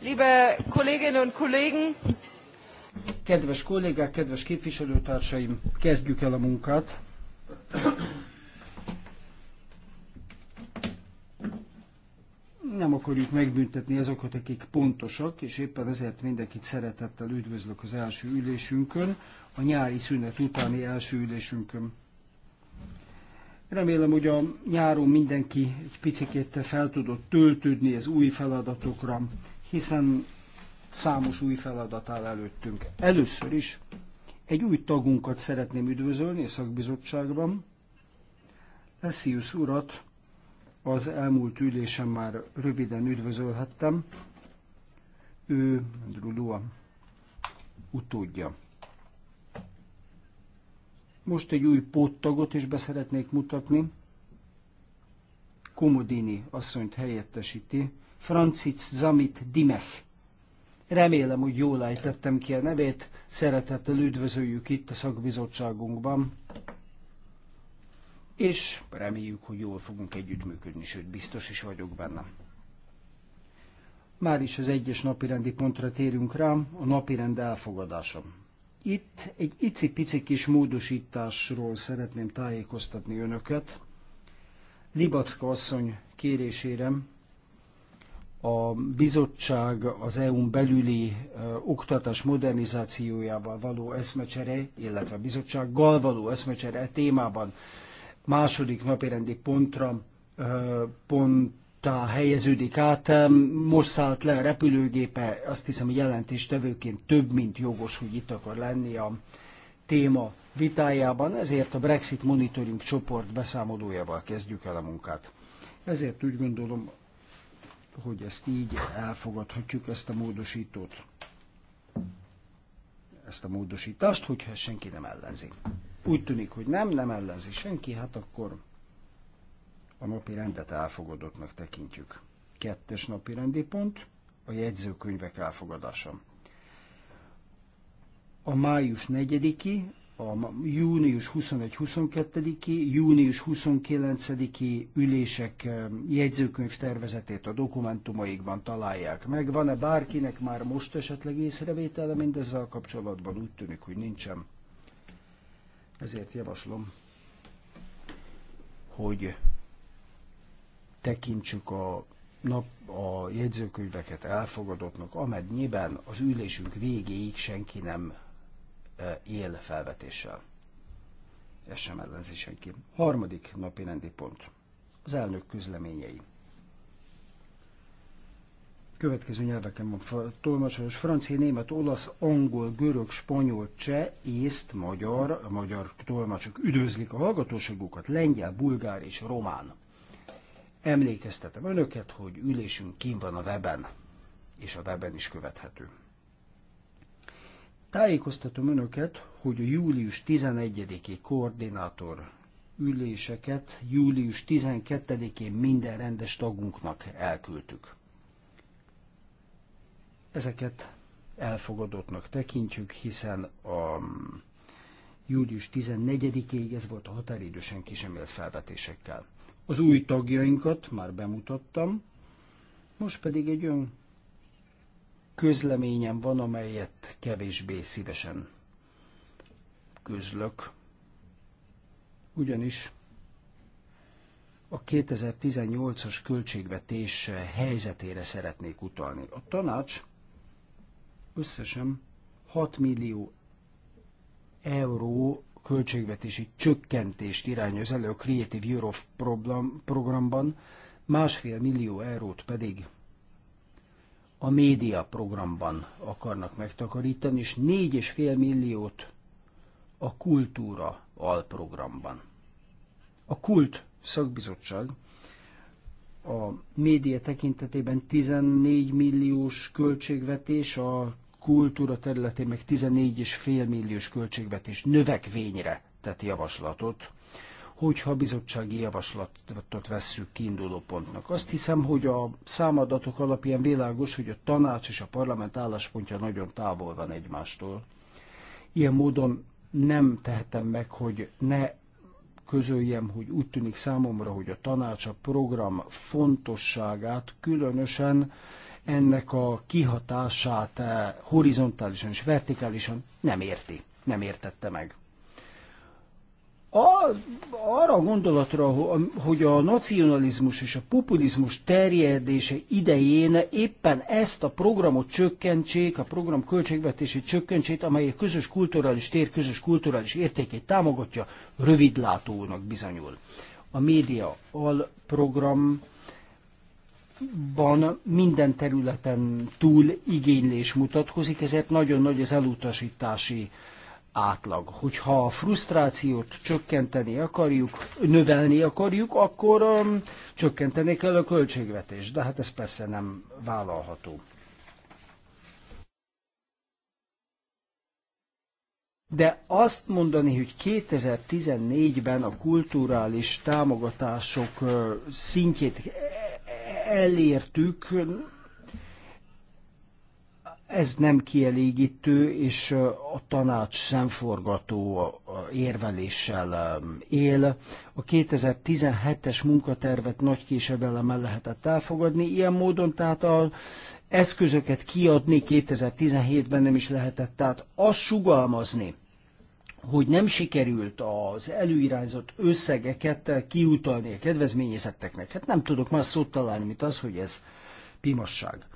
Liebe Kolleginnen und Kollegen! Kedves kollégák, kedves képviselőtársaim, kezdjük el a munkát. Nem akarjuk megbüntetni azokat, akik pontosak, és éppen ezért mindenkit szeretettel üdvözlök az első ülésünkön, a nyári szünet utáni első ülésünkön. Remélem, hogy a nyáron mindenki egy picit fel tudott töltődni az új feladatokra, hiszen számos új feladat áll előttünk. Először is egy új tagunkat szeretném üdvözölni a szakbizottságban. Leszius urat az elmúlt ülésen már röviden üdvözölhettem. Ő Drulua utódja. Most egy új póttagot is beszeretnék mutatni. Komodini asszonyt helyettesíti. Francis Zamit Dimech. Remélem, hogy jól ejtettem ki a nevét. Szeretettel üdvözöljük itt a szakbizottságunkban. És reméljük, hogy jól fogunk együttműködni, sőt, biztos is vagyok benne. Már is az egyes napirendi pontra térünk rá, a napirend elfogadásom. Itt egy icipici kis módosításról szeretném tájékoztatni önöket. Libacka asszony kérésére a bizottság az EU-n belüli oktatás modernizációjával való eszmecsere, illetve a bizottsággal való eszmecsere e témában második napirendi pontra, pont tá helyeződik át, most szállt le a repülőgépe, azt hiszem, hogy jelentéstevőként több, mint jogos, hogy itt akar lenni a téma vitájában, ezért a Brexit Monitoring csoport beszámolójával kezdjük el a munkát. Ezért úgy gondolom, hogy ezt így elfogadhatjuk, ezt a módosítót, ezt a módosítást, hogyha senki nem ellenzi. Úgy tűnik, hogy nem, nem ellenzi senki, hát akkor a napi rendet elfogadottnak tekintjük. Kettes napi rendi pont a jegyzőkönyvek elfogadása. A május 4-i, a június 21-22-i, június 29-i ülések eh, jegyzőkönyv tervezetét a dokumentumaikban találják meg. Van-e bárkinek már most esetleg észrevétele mindezzel kapcsolatban? Úgy tűnik, hogy nincsen. Ezért javaslom, hogy tekintsük a nap a jegyzőkönyveket elfogadottnak, amennyiben az ülésünk végéig senki nem e, él felvetéssel. Ez sem ellenzi senki. Harmadik napi rendi pont. Az elnök közleményei. Következő nyelveken van fel, Francia, német, olasz, angol, görög, spanyol, cseh, észt, magyar, a magyar tolmácsok üdvözlik a hallgatóságukat, lengyel, bulgár és román Emlékeztetem önöket, hogy ülésünk kín van a weben, és a weben is követhető. Tájékoztatom önöket, hogy a július 11-i koordinátor üléseket július 12-én minden rendes tagunknak elküldtük. Ezeket elfogadottnak tekintjük, hiszen a július 14-ig ez volt a határidő, senki sem élt felvetésekkel az új tagjainkat, már bemutattam, most pedig egy olyan közleményem van, amelyet kevésbé szívesen közlök. Ugyanis a 2018-as költségvetés helyzetére szeretnék utalni. A tanács összesen 6 millió euró költségvetési csökkentést irányoz elő a Creative Europe programban, másfél millió eurót pedig a média programban akarnak megtakarítani, és fél milliót a kultúra alprogramban. A kult szakbizottság a média tekintetében 14 milliós költségvetés, a kultúra területén meg 14,5 milliós költségvetés növekvényre tett javaslatot, hogyha bizottsági javaslatot vesszük kiinduló pontnak. Azt hiszem, hogy a számadatok alapján világos, hogy a tanács és a parlament álláspontja nagyon távol van egymástól. Ilyen módon nem tehetem meg, hogy ne közöljem, hogy úgy tűnik számomra, hogy a tanács a program fontosságát különösen ennek a kihatását eh, horizontálisan és vertikálisan nem érti, nem értette meg. A, arra a gondolatra, hogy a nacionalizmus és a populizmus terjedése idején éppen ezt a programot csökkentsék, a program költségvetését csökkentsék, amely a közös kulturális tér közös kulturális értékét támogatja, rövidlátónak bizonyul. A média alprogram ban minden területen túl igénylés mutatkozik, ezért nagyon nagy az elutasítási átlag. Hogyha a frusztrációt csökkenteni akarjuk, növelni akarjuk, akkor um, csökkenteni kell a költségvetést, de hát ez persze nem vállalható. De azt mondani, hogy 2014-ben a kulturális támogatások uh, szintjét elértük, ez nem kielégítő, és a tanács szemforgató érveléssel um, él. A 2017-es munkatervet nagy késedelemmel lehetett elfogadni, ilyen módon tehát a eszközöket kiadni 2017-ben nem is lehetett, tehát azt sugalmazni, hogy nem sikerült az előirányzott összegeket kiutalni a kedvezményezetteknek. Hát nem tudok más szót találni, mint az, hogy ez pimasság.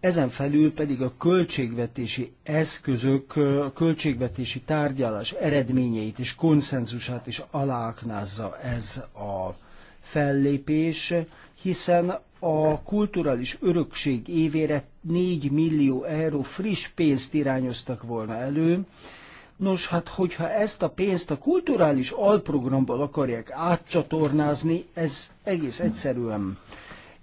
Ezen felül pedig a költségvetési eszközök, a költségvetési tárgyalás eredményeit és konszenzusát is aláknázza ez a fellépés, hiszen a kulturális örökség évére 4 millió euró friss pénzt irányoztak volna elő. Nos, hát hogyha ezt a pénzt a kulturális alprogramból akarják átcsatornázni, ez egész egyszerűen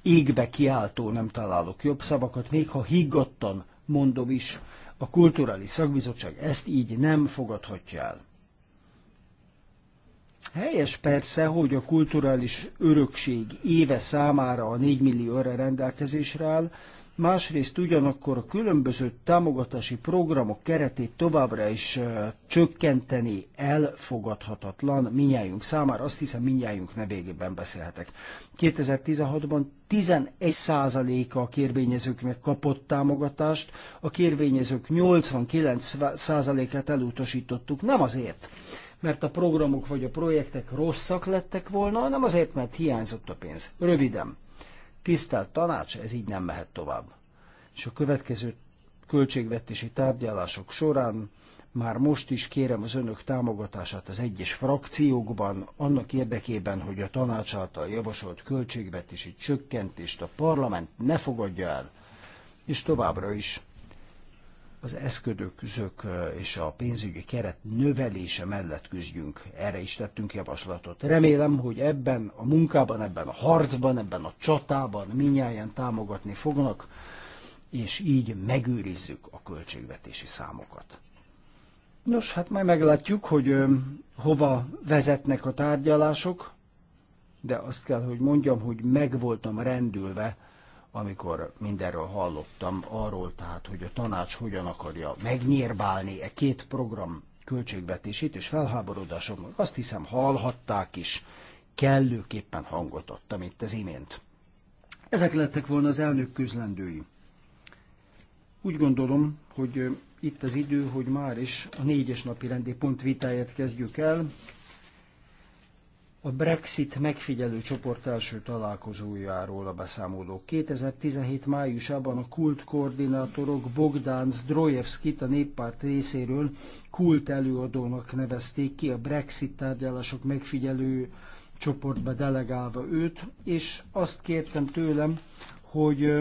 égbe kiáltó, nem találok jobb szavakat, még ha higgadtan mondom is, a kulturális szakbizottság ezt így nem fogadhatja el. Helyes persze, hogy a kulturális örökség éve számára a 4 millió rendelkezésre áll, másrészt ugyanakkor a különböző támogatási programok keretét továbbra is csökkenteni elfogadhatatlan minnyájunk számára, azt hiszem minnyájunk nevégében beszélhetek. 2016-ban 11%-a a kérvényezőknek kapott támogatást, a kérvényezők 89%-át elutasítottuk, nem azért, mert a programok vagy a projektek rosszak lettek volna, hanem azért, mert hiányzott a pénz. Röviden. Tisztelt tanács, ez így nem mehet tovább. És a következő költségvetési tárgyalások során már most is kérem az önök támogatását az egyes frakciókban, annak érdekében, hogy a tanács által javasolt költségvetési csökkentést a parlament ne fogadja el, és továbbra is az eszközök és a pénzügyi keret növelése mellett küzdjünk. Erre is tettünk javaslatot. Remélem, hogy ebben a munkában, ebben a harcban, ebben a csatában minnyáján támogatni fognak, és így megőrizzük a költségvetési számokat. Nos, hát majd meglátjuk, hogy ö, hova vezetnek a tárgyalások, de azt kell, hogy mondjam, hogy meg voltam rendülve amikor mindenről hallottam, arról tehát, hogy a tanács hogyan akarja megnyírbálni e két program költségvetését és felháborodásomnak, azt hiszem hallhatták is, kellőképpen hangot adtam itt az imént. Ezek lettek volna az elnök közlendői. Úgy gondolom, hogy itt az idő, hogy már is a négyes napi rendi pont vitáját kezdjük el a Brexit megfigyelő csoport első találkozójáról a beszámolók. 2017 májusában a kult koordinátorok Bogdán Zdrojevskit a néppárt részéről kult előadónak nevezték ki a Brexit tárgyalások megfigyelő csoportba delegálva őt, és azt kértem tőlem, hogy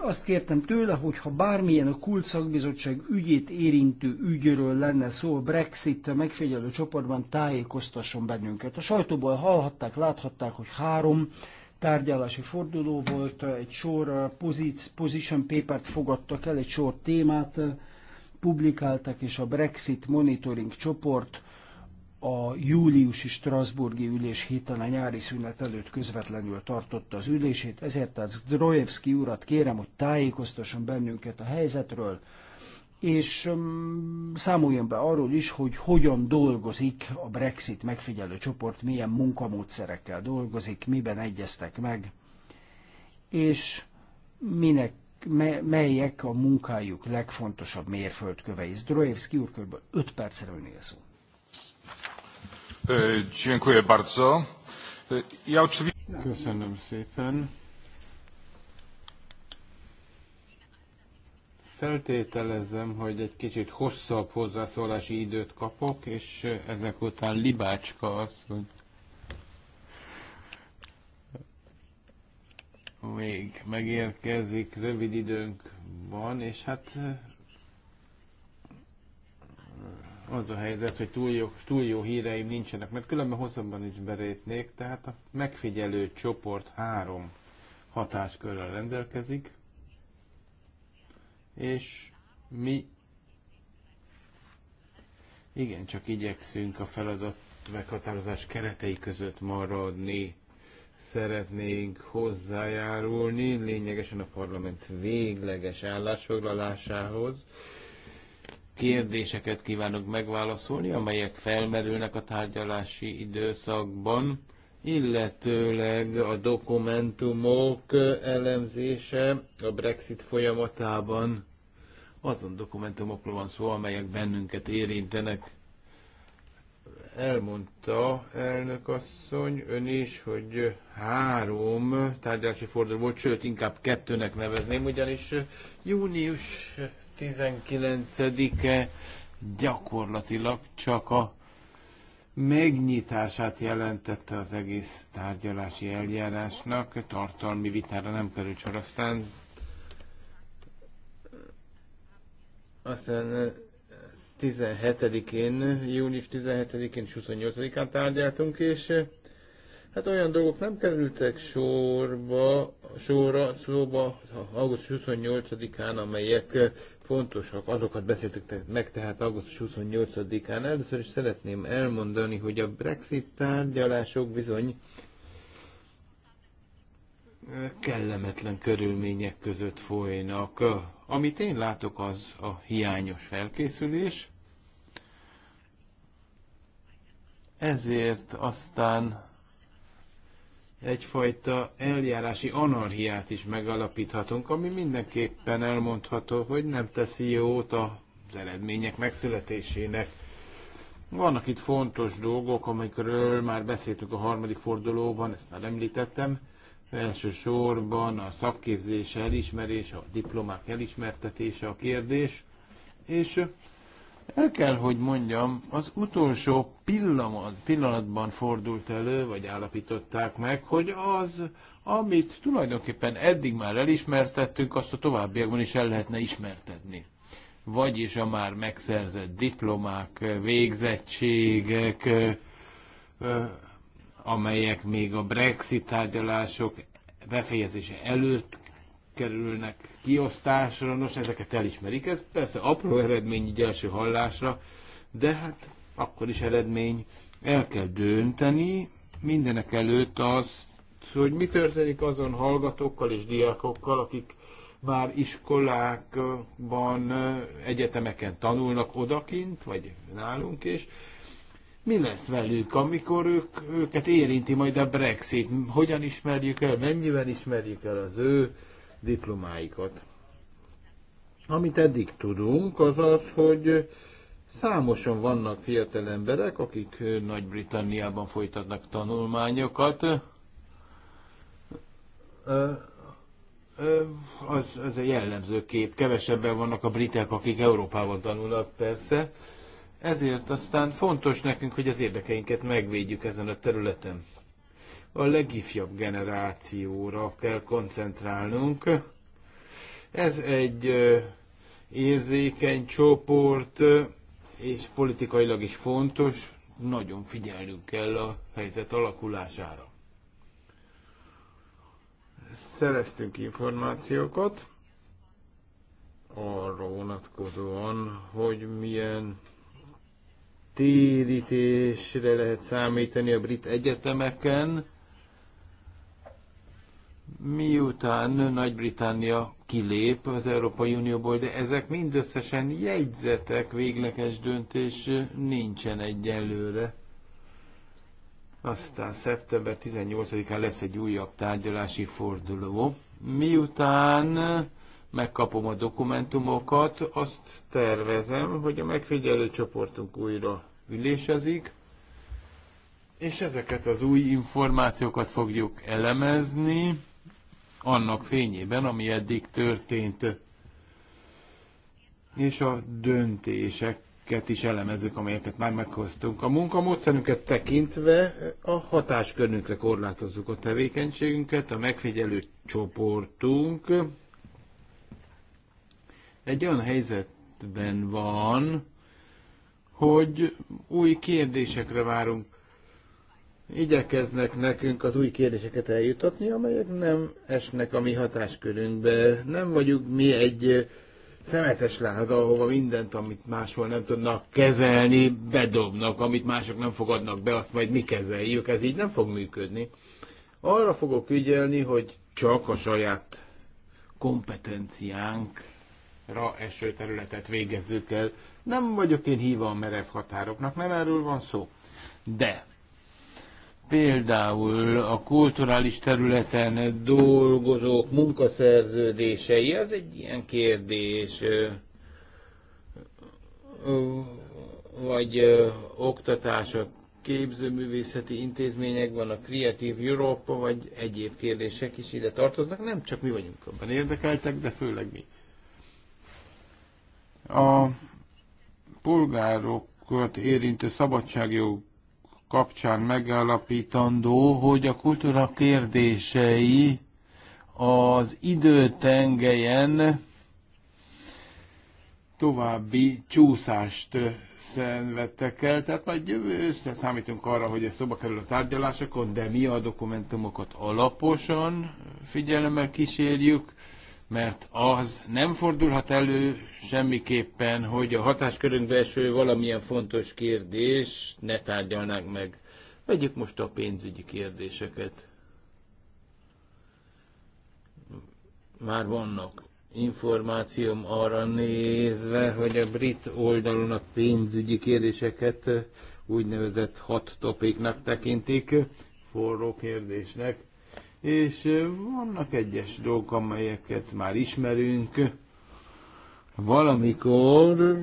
azt kértem tőle, hogy ha bármilyen a kult szakbizottság ügyét érintő ügyről lenne szó, a Brexit megfigyelő csoportban tájékoztasson bennünket. A sajtóból hallhatták, láthatták, hogy három tárgyalási forduló volt, egy sor eh, position papert fogadtak el, egy sor témát eh, publikáltak, és a Brexit Monitoring csoport a júliusi Strasburgi ülés héten a nyári szünet előtt közvetlenül tartotta az ülését, ezért tehát Zdrojevski urat kérem, hogy tájékoztasson bennünket a helyzetről, és mm, számoljon be arról is, hogy hogyan dolgozik a Brexit megfigyelő csoport, milyen munkamódszerekkel dolgozik, miben egyeztek meg, és minek melyek a munkájuk legfontosabb mérföldkövei. Zdrojevski úr kb. 5 percre önél szó. E, e, Köszönöm szépen. Feltételezem, hogy egy kicsit hosszabb hozzászólási időt kapok, és ezek után Libácska az, hogy még megérkezik, rövid időnk van, és hát az a helyzet, hogy túl jó, túl jó híreim nincsenek, mert különben hosszabban is berétnék, tehát a megfigyelő csoport három hatáskörrel rendelkezik, és mi igen, csak igyekszünk a feladat meghatározás keretei között maradni, szeretnénk hozzájárulni lényegesen a parlament végleges állásfoglalásához, kérdéseket kívánok megválaszolni, amelyek felmerülnek a tárgyalási időszakban, illetőleg a dokumentumok elemzése a Brexit folyamatában. Azon dokumentumokról van szó, amelyek bennünket érintenek elmondta elnök asszony ön is, hogy három tárgyalási forduló volt, sőt, inkább kettőnek nevezném, ugyanis június 19-e gyakorlatilag csak a megnyitását jelentette az egész tárgyalási eljárásnak, tartalmi vitára nem került sor, aztán aztán 17-én, június 17-én és 28-án tárgyaltunk, és eh, hát olyan dolgok nem kerültek sorba, sorra, szóba augusztus 28-án, amelyek eh, fontosak, azokat beszéltük meg tehát augusztus 28-án. Először is szeretném elmondani, hogy a Brexit tárgyalások bizony kellemetlen körülmények között folynak. Amit én látok, az a hiányos felkészülés. Ezért aztán egyfajta eljárási anarhiát is megalapíthatunk, ami mindenképpen elmondható, hogy nem teszi jót az eredmények megszületésének. Vannak itt fontos dolgok, amikről már beszéltünk a harmadik fordulóban, ezt már említettem, Elsősorban a szakképzés elismerése, a diplomák elismertetése a kérdés, és el kell, hogy mondjam, az utolsó pillanat, pillanatban fordult elő, vagy állapították meg, hogy az, amit tulajdonképpen eddig már elismertettünk, azt a továbbiakban is el lehetne ismertetni. Vagyis a már megszerzett diplomák, végzettségek, amelyek még a Brexit tárgyalások befejezése előtt kerülnek kiosztásra. Nos, ezeket elismerik. Ez persze apró eredmény így első hallásra, de hát akkor is eredmény. El kell dönteni mindenek előtt azt, hogy mi történik azon hallgatókkal és diákokkal, akik már iskolákban, egyetemeken tanulnak odakint, vagy nálunk is, mi lesz velük, amikor ők, őket érinti majd a Brexit? Hogyan ismerjük el, mennyiben ismerjük el az ő diplomáikat? Amit eddig tudunk, az az, hogy számosan vannak fiatal emberek, akik Nagy-Britanniában folytatnak tanulmányokat. Az, az a jellemző kép. Kevesebben vannak a britek, akik Európában tanulnak, persze ezért aztán fontos nekünk, hogy az érdekeinket megvédjük ezen a területen. A legifjabb generációra kell koncentrálnunk. Ez egy érzékeny csoport, és politikailag is fontos, nagyon figyelnünk kell a helyzet alakulására. Szereztünk információkat arra vonatkozóan, hogy milyen térítésre lehet számítani a brit egyetemeken, miután Nagy-Britannia kilép az Európai Unióból, de ezek mindösszesen jegyzetek, végleges döntés nincsen egyelőre. Aztán szeptember 18-án lesz egy újabb tárgyalási forduló. Miután megkapom a dokumentumokat, azt tervezem, hogy a megfigyelő csoportunk újra ülésezik, és ezeket az új információkat fogjuk elemezni annak fényében, ami eddig történt, és a döntéseket is elemezzük, amelyeket már meghoztunk. A munkamódszerünket tekintve a hatáskörünkre korlátozzuk a tevékenységünket, a megfigyelő csoportunk egy olyan helyzetben van, hogy új kérdésekre várunk. Igyekeznek nekünk az új kérdéseket eljutatni, amelyek nem esnek a mi hatáskörünkbe. Nem vagyunk mi egy szemetes láda, ahova mindent, amit máshol nem tudnak kezelni, bedobnak, amit mások nem fogadnak be, azt majd mi kezeljük. Ez így nem fog működni. Arra fogok ügyelni, hogy csak a saját kompetenciánkra eső területet végezzük el. Nem vagyok én híva a merev határoknak, nem erről van szó. De például a kulturális területen dolgozók munkaszerződései, az egy ilyen kérdés, vagy oktatás a képzőművészeti intézményekben, a Creative Europe, vagy egyéb kérdések is ide tartoznak, nem csak mi vagyunk abban érdekeltek, de főleg mi. A polgárokat érintő szabadságjog kapcsán megállapítandó, hogy a kultúra kérdései az időtengelyen további csúszást szenvedtek el, tehát majd jövő számítunk arra, hogy ez szoba kerül a tárgyalásokon, de mi a dokumentumokat alaposan figyelemmel kísérjük, mert az nem fordulhat elő semmiképpen, hogy a hatáskörünkbe eső valamilyen fontos kérdés ne tárgyalnánk meg. Vegyük most a pénzügyi kérdéseket. Már vannak információm arra nézve, hogy a brit oldalon a pénzügyi kérdéseket úgynevezett hat topiknak tekintik, forró kérdésnek és vannak egyes dolgok, amelyeket már ismerünk. Valamikor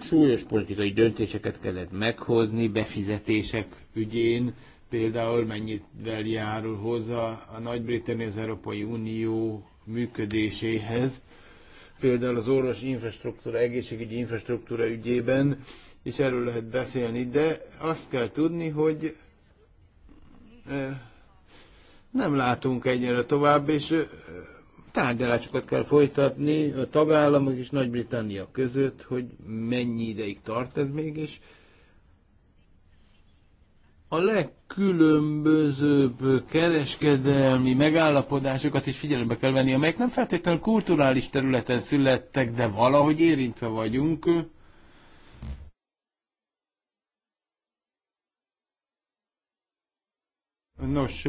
súlyos politikai döntéseket kellett meghozni befizetések ügyén, például mennyit járul hozzá a Nagy-Britannia az Európai Unió működéséhez, például az orvos infrastruktúra, egészségügyi infrastruktúra ügyében, és erről lehet beszélni, de azt kell tudni, hogy nem látunk ennyire tovább, és tárgyalásokat kell folytatni a tagállamok és Nagy-Britannia között, hogy mennyi ideig tart ez mégis. A legkülönbözőbb kereskedelmi megállapodásokat is figyelembe kell venni, amelyek nem feltétlenül kulturális területen születtek, de valahogy érintve vagyunk. Nos,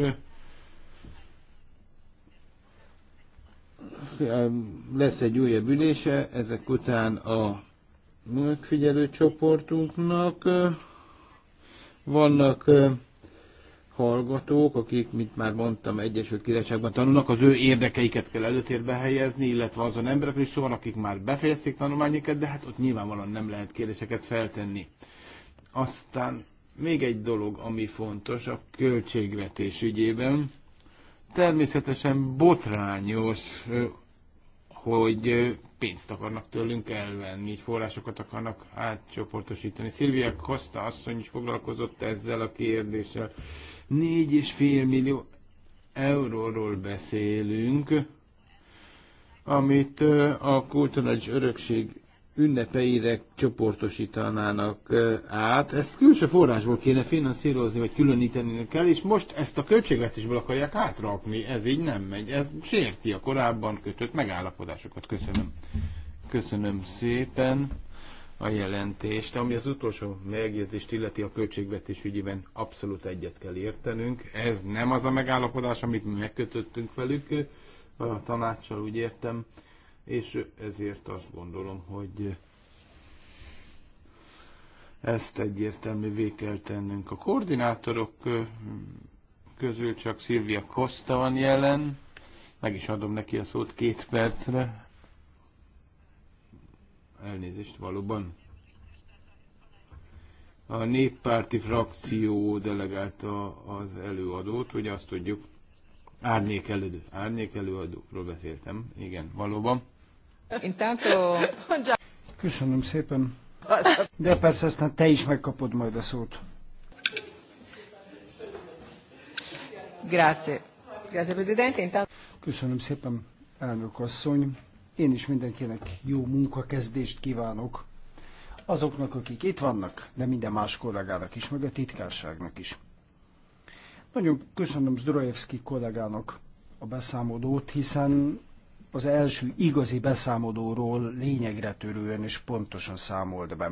lesz egy újabb ülése, ezek után a megfigyelő csoportunknak vannak hallgatók, akik, mint már mondtam, Egyesült Királyságban tanulnak, az ő érdekeiket kell előtérbe helyezni, illetve azon emberek is szóval, akik már befejezték tanulmányokat, de hát ott nyilvánvalóan nem lehet kérdéseket feltenni. Aztán még egy dolog, ami fontos a költségvetés ügyében. Természetesen botrányos, hogy pénzt akarnak tőlünk elvenni, így forrásokat akarnak átcsoportosítani. Szilvia Costa asszony is foglalkozott ezzel a kérdéssel. 4,5 millió euróról beszélünk, amit a kulturális örökség ünnepeire csoportosítanának át. Ezt külső forrásból kéne finanszírozni, vagy különíteni kell, és most ezt a költségvetésből akarják átrakni. Ez így nem megy. Ez sérti a korábban kötött megállapodásokat. Köszönöm. Köszönöm szépen a jelentést. Ami az utolsó megjegyzést illeti a költségvetés ügyében, abszolút egyet kell értenünk. Ez nem az a megállapodás, amit mi megkötöttünk velük, a tanácssal úgy értem és ezért azt gondolom, hogy ezt egyértelművé kell tennünk. A koordinátorok közül csak Szilvia Costa van jelen, meg is adom neki a szót két percre. Elnézést valóban. A néppárti frakció delegálta az előadót, hogy azt tudjuk, árnyék, elő, árnyék előadókról beszéltem, igen, valóban. Intanto... Köszönöm szépen. De persze aztán te is megkapod majd a szót. Grazie. Grazie, Presidente. Intanto... Köszönöm szépen, elnök asszony. Én is mindenkinek jó munkakezdést kívánok. Azoknak, akik itt vannak, de minden más kollégának is, meg a titkárságnak is. Nagyon köszönöm Zdrojevski kollégának a beszámolót, hiszen az első igazi beszámolóról lényegre törően és pontosan számolt be.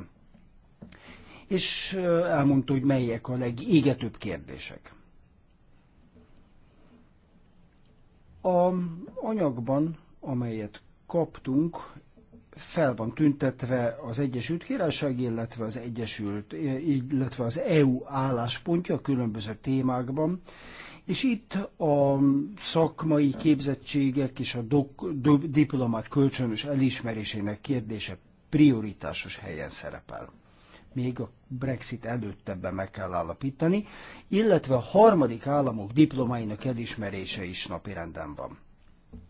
És elmondta, hogy melyek a legégetőbb kérdések. A anyagban, amelyet kaptunk, fel van tüntetve az Egyesült Királyság, illetve az Egyesült, illetve az EU álláspontja a különböző témákban, és itt a szakmai képzettségek és a dok, do, diplomák kölcsönös elismerésének kérdése prioritásos helyen szerepel. Még a Brexit előtt ebben meg kell állapítani, illetve a harmadik államok diplomáinak elismerése is napirenden van.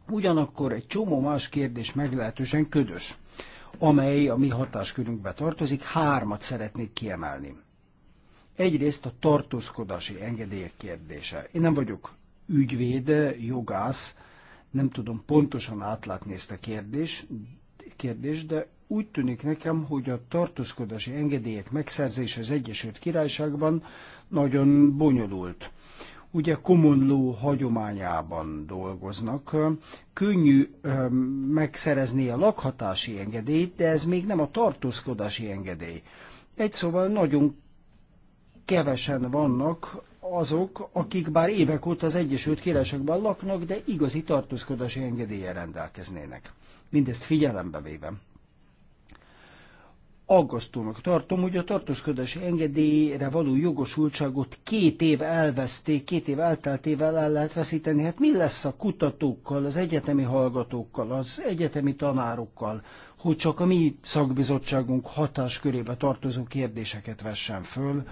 Ugyanakkor egy csomó más kérdés meglehetősen ködös, amely a mi hatáskörünkbe tartozik, hármat szeretnék kiemelni. Egyrészt a tartózkodási engedélyek kérdése. Én nem vagyok ügyvéd, jogász, nem tudom pontosan átlátni ezt a kérdés, kérdés, de úgy tűnik nekem, hogy a tartózkodási engedélyek megszerzése az Egyesült Királyságban nagyon bonyolult. Ugye common law hagyományában dolgoznak. Könnyű ehm, megszerezni a lakhatási engedélyt, de ez még nem a tartózkodási engedély. Egy szóval nagyon kevesen vannak azok, akik bár évek óta az Egyesült Királyságban laknak, de igazi tartózkodási engedélye rendelkeznének. Mindezt figyelembe véve. Aggasztónak tartom, hogy a tartózkodási engedélyre való jogosultságot két év elveszték, két év elteltével el lehet veszíteni. Hát mi lesz a kutatókkal, az egyetemi hallgatókkal, az egyetemi tanárokkal, hogy csak a mi szakbizottságunk hatáskörébe tartozó kérdéseket vessen föl,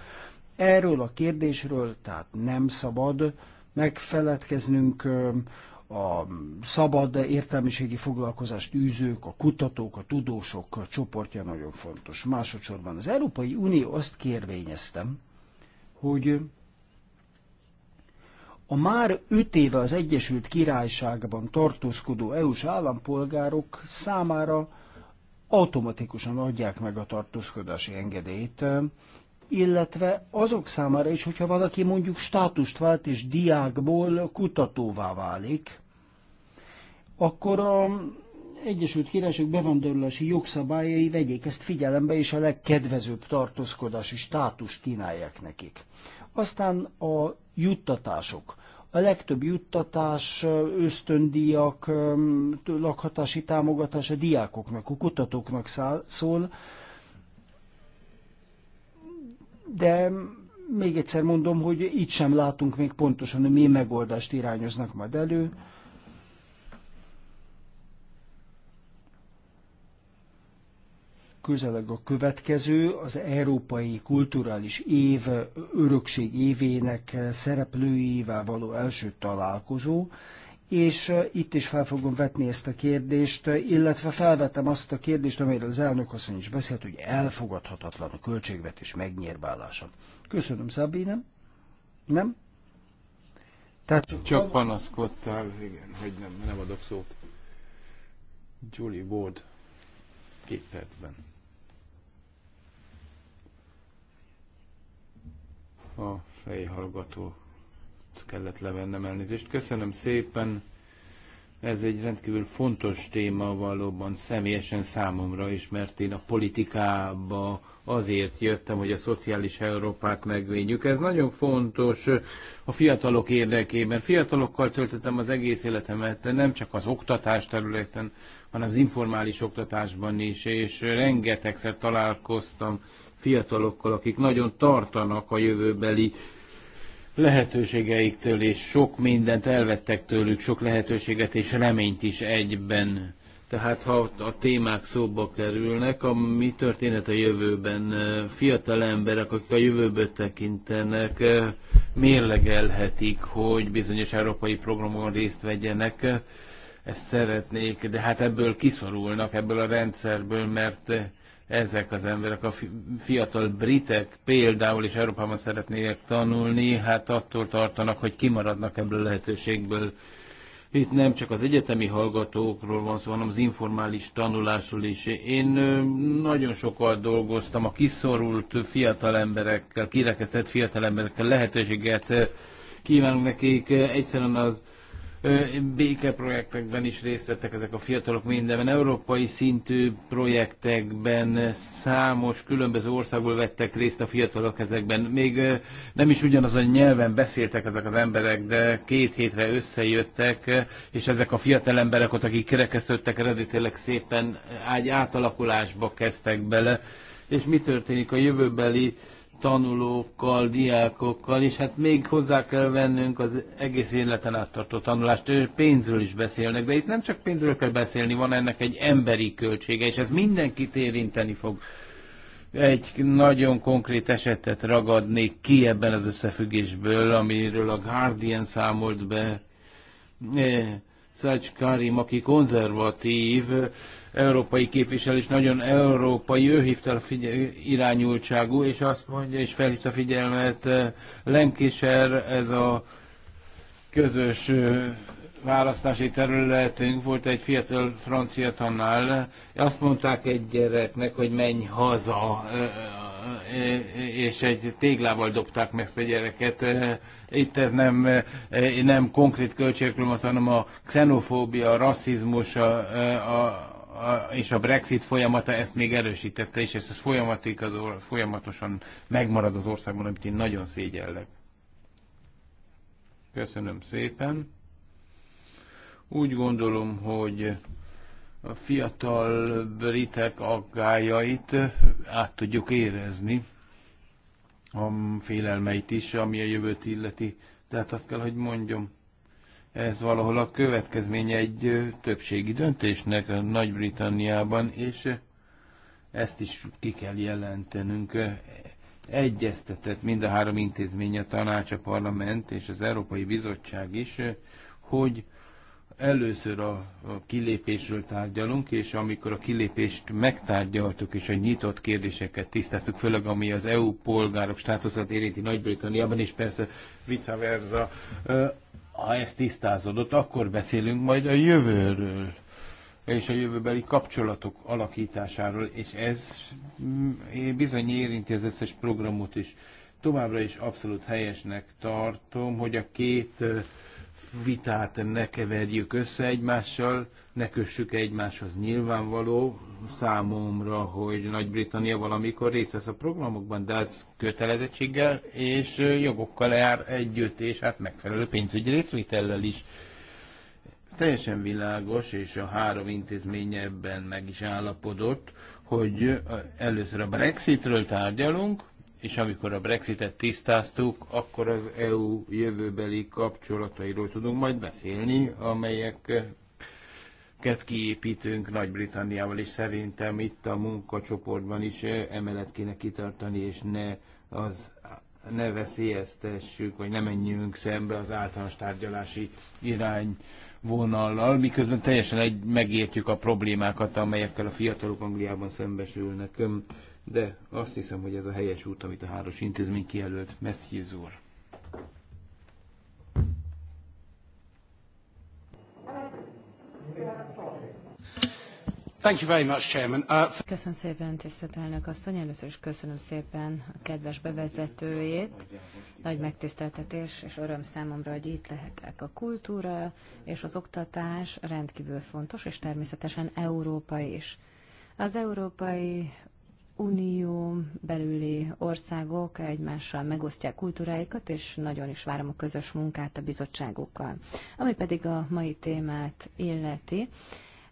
Erről a kérdésről tehát nem szabad megfeledkeznünk a szabad értelmiségi foglalkozást űzők, a kutatók, a tudósok csoportja nagyon fontos. Másodszorban az Európai Unió azt kérvényeztem, hogy a már öt éve az Egyesült Királyságban tartózkodó EU-s állampolgárok számára automatikusan adják meg a tartózkodási engedélyt, illetve azok számára is, hogyha valaki mondjuk státust vált és diákból kutatóvá válik, akkor a Egyesült Királyság bevándorlási jogszabályai vegyék ezt figyelembe, és a legkedvezőbb tartózkodási státust kínálják nekik. Aztán a juttatások. A legtöbb juttatás, ösztöndíjak, lakhatási támogatás a diákoknak, a kutatóknak szól, de még egyszer mondom, hogy itt sem látunk még pontosan, hogy mi megoldást irányoznak majd elő. közeleg a következő, az Európai Kulturális Év Örökség évének szereplőjével való első találkozó és itt is fel fogom vetni ezt a kérdést, illetve felvetem azt a kérdést, amelyről az elnök asszony is beszélt, hogy elfogadhatatlan a költségvetés megnyírbálása. Köszönöm, Szabine. Nem? Tehát csak, csak panaszkodtál, igen, hogy nem, nem adok szót. Julie Ward, két percben. A fejhallgató kellett levennem elnézést. Köszönöm szépen. Ez egy rendkívül fontos téma valóban személyesen számomra is, mert én a politikába azért jöttem, hogy a szociális Európát megvédjük. Ez nagyon fontos a fiatalok érdekében. Fiatalokkal töltöttem az egész életemet, nem csak az oktatás területen, hanem az informális oktatásban is, és rengetegszer találkoztam fiatalokkal, akik nagyon tartanak a jövőbeli lehetőségeiktől, és sok mindent elvettek tőlük, sok lehetőséget és reményt is egyben. Tehát ha a témák szóba kerülnek, a mi történet a jövőben, fiatal emberek, akik a jövőbe tekintenek, mérlegelhetik, hogy bizonyos európai programon részt vegyenek, ezt szeretnék, de hát ebből kiszorulnak, ebből a rendszerből, mert ezek az emberek, a fiatal britek például, is Európában szeretnének tanulni, hát attól tartanak, hogy kimaradnak ebből a lehetőségből. Itt nem csak az egyetemi hallgatókról van szó, hanem az informális tanulásról is. Én nagyon sokat dolgoztam a kiszorult fiatal emberekkel, kirekesztett fiatal emberekkel lehetőséget kívánunk nekik. Egyszerűen az békeprojektekben is részt vettek ezek a fiatalok mindenben. Európai szintű projektekben számos különböző országból vettek részt a fiatalok ezekben. Még nem is ugyanaz a nyelven beszéltek ezek az emberek, de két hétre összejöttek, és ezek a fiatal emberek ott, akik kerekesztődtek eredetileg szépen ágy átalakulásba kezdtek bele. És mi történik a jövőbeli tanulókkal, diákokkal, és hát még hozzá kell vennünk az egész életen át tartó tanulást. Ő pénzről is beszélnek, de itt nem csak pénzről kell beszélni, van ennek egy emberi költsége, és ez mindenkit érinteni fog. Egy nagyon konkrét esetet ragadnék ki ebben az összefüggésből, amiről a Guardian számolt be. Eh, Szács Karim, aki konzervatív, európai képviselés és nagyon európai, ő hívta a figyel- irányultságú, és azt mondja, és felhívta a figyelmet eh, Lemkiser, ez a közös eh, választási területünk volt egy fiatal francia tanár, azt mondták egy gyereknek, hogy menj haza, eh, és egy téglával dobták meg ezt a gyereket. Itt ez nem, nem konkrét költségekről van, hanem a xenofóbia, a rasszizmus, a, a, és a Brexit folyamata ezt még erősítette, és ez, ez folyamatik az or, folyamatosan megmarad az országban, amit én nagyon szégyellek. Köszönöm szépen. Úgy gondolom, hogy a fiatal britek aggájait át tudjuk érezni, a félelmeit is, ami a jövőt illeti. Tehát azt kell, hogy mondjam, ez valahol a következménye egy többségi döntésnek a Nagy-Britanniában, és ezt is ki kell jelentenünk. Egyeztetett mind a három intézmény, a tanács, a parlament és az Európai Bizottság is, hogy először a, kilépésről tárgyalunk, és amikor a kilépést megtárgyaltuk, és a nyitott kérdéseket tisztáztuk, főleg ami az EU polgárok státuszát érinti Nagy-Britanniában, és persze vice versa, ha ez tisztázódott, akkor beszélünk majd a jövőről és a jövőbeli kapcsolatok alakításáról, és ez mm, bizony érinti az összes programot is. Továbbra is abszolút helyesnek tartom, hogy a két vitát ne keverjük össze egymással, ne kössük egymáshoz. Nyilvánvaló számomra, hogy Nagy-Britannia valamikor részt vesz a programokban, de az kötelezettséggel és jogokkal jár együtt, és hát megfelelő pénzügyi részvétellel is. Teljesen világos, és a három intézménye ebben meg is állapodott, hogy először a Brexitről tárgyalunk, és amikor a Brexitet tisztáztuk, akkor az EU jövőbeli kapcsolatairól tudunk majd beszélni, amelyeket kiépítünk Nagy-Britanniával, és szerintem itt a munkacsoportban is emellett kéne kitartani, és ne, az, ne veszélyeztessük, vagy ne menjünk szembe az általános tárgyalási irány vonallal, miközben teljesen egy, megértjük a problémákat, amelyekkel a fiatalok Angliában szembesülnek de azt hiszem, hogy ez a helyes út, amit a háros intézmény kijelölt. Messziz úr. Thank you very much, Chairman. Uh, köszönöm szépen, tisztelt elnök asszony. Először is köszönöm szépen a kedves bevezetőjét. Nagy megtiszteltetés és öröm számomra, hogy itt lehetek. A kultúra és az oktatás rendkívül fontos, és természetesen Európa is. Az Európai unió belüli országok egymással megosztják kultúráikat, és nagyon is várom a közös munkát a bizottságukkal. Ami pedig a mai témát illeti,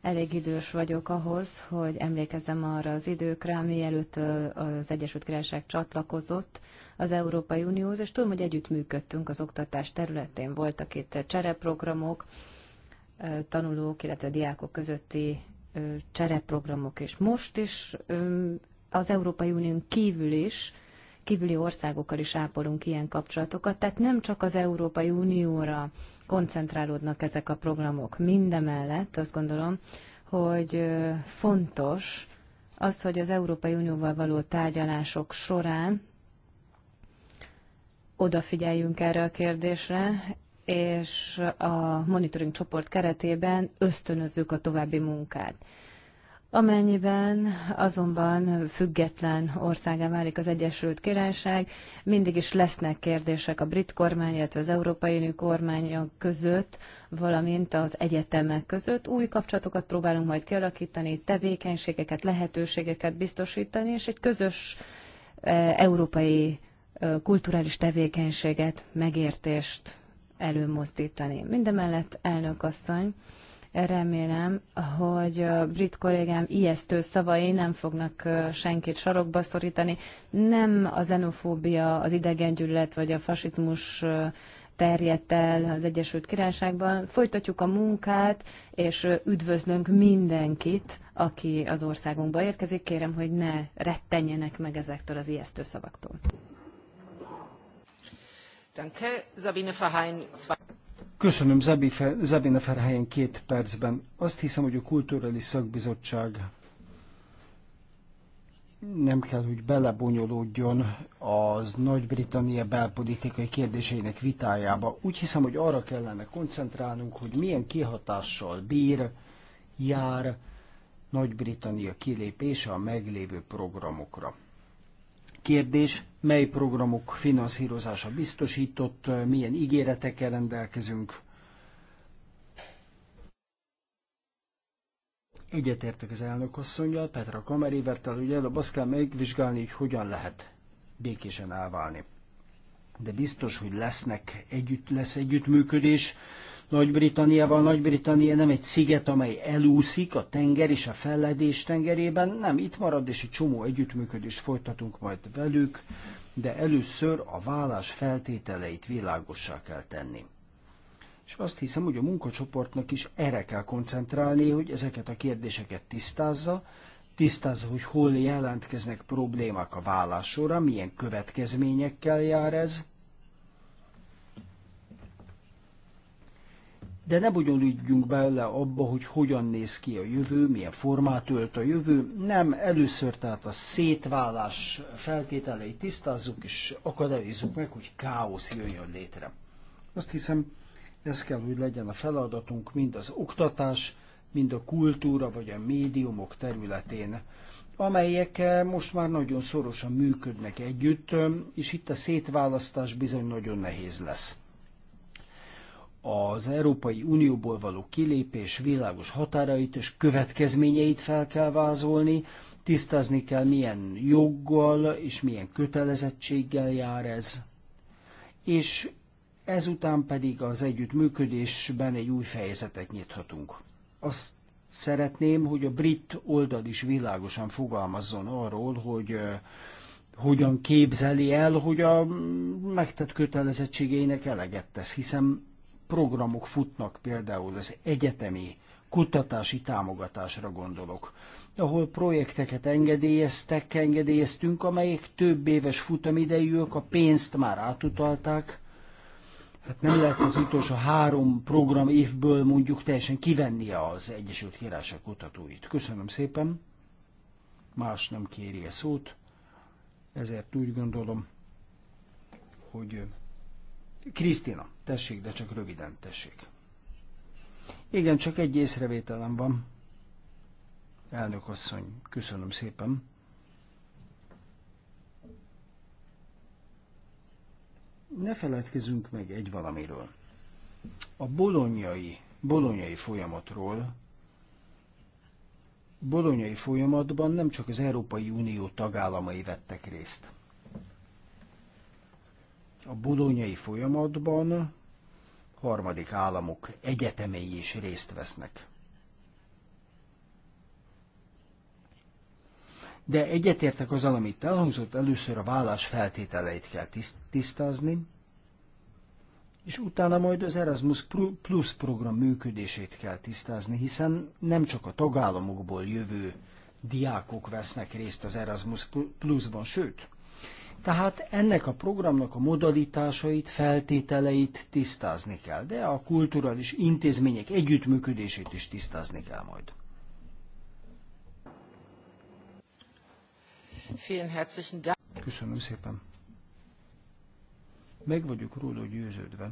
elég idős vagyok ahhoz, hogy emlékezzem arra az időkre, mielőtt az Egyesült Királyság csatlakozott az Európai Unióhoz, és tudom, hogy együttműködtünk az oktatás területén. Voltak itt csereprogramok, tanulók, illetve diákok közötti csereprogramok, és most is az Európai Unión kívül is, kívüli országokkal is ápolunk ilyen kapcsolatokat, tehát nem csak az Európai Unióra koncentrálódnak ezek a programok. Mindemellett azt gondolom, hogy fontos az, hogy az Európai Unióval való tárgyalások során odafigyeljünk erre a kérdésre, és a monitoring csoport keretében ösztönözzük a további munkát. Amennyiben azonban független országá válik az Egyesült Királyság, mindig is lesznek kérdések a brit kormány, illetve az Európai Unió kormánya között, valamint az egyetemek között. Új kapcsolatokat próbálunk majd kialakítani, tevékenységeket, lehetőségeket biztosítani, és egy közös e, európai e, kulturális tevékenységet, megértést előmozdítani. Mindemellett elnök asszony, Remélem, hogy a brit kollégám ijesztő szavai nem fognak senkit sarokba szorítani. Nem a xenofóbia, az idegengyűlölet vagy a fasizmus terjedt el az Egyesült Királyságban. Folytatjuk a munkát, és üdvözlünk mindenkit, aki az országunkba érkezik. Kérem, hogy ne rettenjenek meg ezektől az ijesztő szavaktól. Danke, Sabine Verheyen. Köszönöm Zabina Ferhelyen két percben. Azt hiszem, hogy a Kulturális Szakbizottság nem kell, hogy belebonyolódjon az Nagy-Britannia belpolitikai kérdéseinek vitájába. Úgy hiszem, hogy arra kellene koncentrálnunk, hogy milyen kihatással bír, jár Nagy-Britannia kilépése a meglévő programokra. Kérdés, mely programok finanszírozása biztosított, milyen ígéretekkel rendelkezünk. Egyetértek az elnök asszonyjal, Petra Kamerévertel, hogy előbb azt kell megvizsgálni, hogy hogyan lehet békésen elválni. De biztos, hogy lesznek együtt, lesz együttműködés, nagy-Britanniával. Nagy-Britannia nem egy sziget, amely elúszik a tenger és a felledés tengerében, nem, itt marad, és egy csomó együttműködést folytatunk majd velük, de először a vállás feltételeit világossá kell tenni. És azt hiszem, hogy a munkacsoportnak is erre kell koncentrálni, hogy ezeket a kérdéseket tisztázza, tisztázza, hogy hol jelentkeznek problémák a vállás során, milyen következményekkel jár ez, de ne bonyolítjunk bele abba, hogy hogyan néz ki a jövő, milyen formát ölt a jövő. Nem, először tehát a szétválás feltételeit tisztázzuk, és akadályozzuk meg, hogy káosz jöjjön létre. Azt hiszem, ez kell, hogy legyen a feladatunk mind az oktatás, mind a kultúra vagy a médiumok területén, amelyek eh, most már nagyon szorosan működnek együtt, eh, és itt a szétválasztás bizony nagyon nehéz lesz az Európai Unióból való kilépés világos határait és következményeit fel kell vázolni, tisztázni kell, milyen joggal és milyen kötelezettséggel jár ez, és ezután pedig az együttműködésben egy új fejezetet nyithatunk. Azt szeretném, hogy a brit oldal is világosan fogalmazzon arról, hogy hogyan képzeli el, hogy a megtett kötelezettségeinek eleget tesz, hiszen programok futnak, például az egyetemi kutatási támogatásra gondolok, ahol projekteket engedélyeztek, engedélyeztünk, amelyek több éves futamidejűek, a pénzt már átutalták, hát nem lehet az utolsó három program évből mondjuk teljesen kivennie az Egyesült Királyság kutatóit. Köszönöm szépen, más nem kéri a szót, ezért úgy gondolom, hogy Krisztina, tessék, de csak röviden tessék. Igen, csak egy észrevételem van. Elnök asszony, köszönöm szépen. Ne feledkezzünk meg egy valamiről. A bolonyai, bolonyai folyamatról, bolonyai folyamatban nem csak az Európai Unió tagállamai vettek részt a bolonyai folyamatban harmadik államok egyetemei is részt vesznek. De egyetértek az, amit elhangzott, először a vállás feltételeit kell tisztázni, és utána majd az Erasmus Plus program működését kell tisztázni, hiszen nem csak a tagállamokból jövő diákok vesznek részt az Erasmus Plusban, sőt, tehát ennek a programnak a modalitásait, feltételeit tisztázni kell, de a kulturális intézmények együttműködését is tisztázni kell majd. Köszönöm szépen. Meg vagyok róla győződve,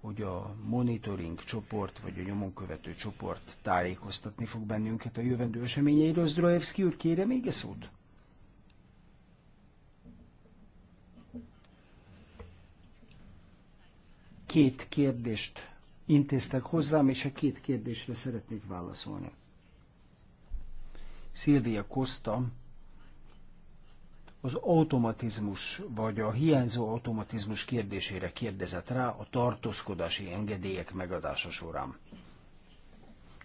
hogy a monitoring csoport, vagy a nyomonkövető csoport tájékoztatni fog bennünket a jövendő eseményeiről. Zdrajevszki úr, kérem még szót? két kérdést intéztek hozzám, és a két kérdésre szeretnék válaszolni. Szilvia Costa az automatizmus, vagy a hiányzó automatizmus kérdésére kérdezett rá a tartózkodási engedélyek megadása során.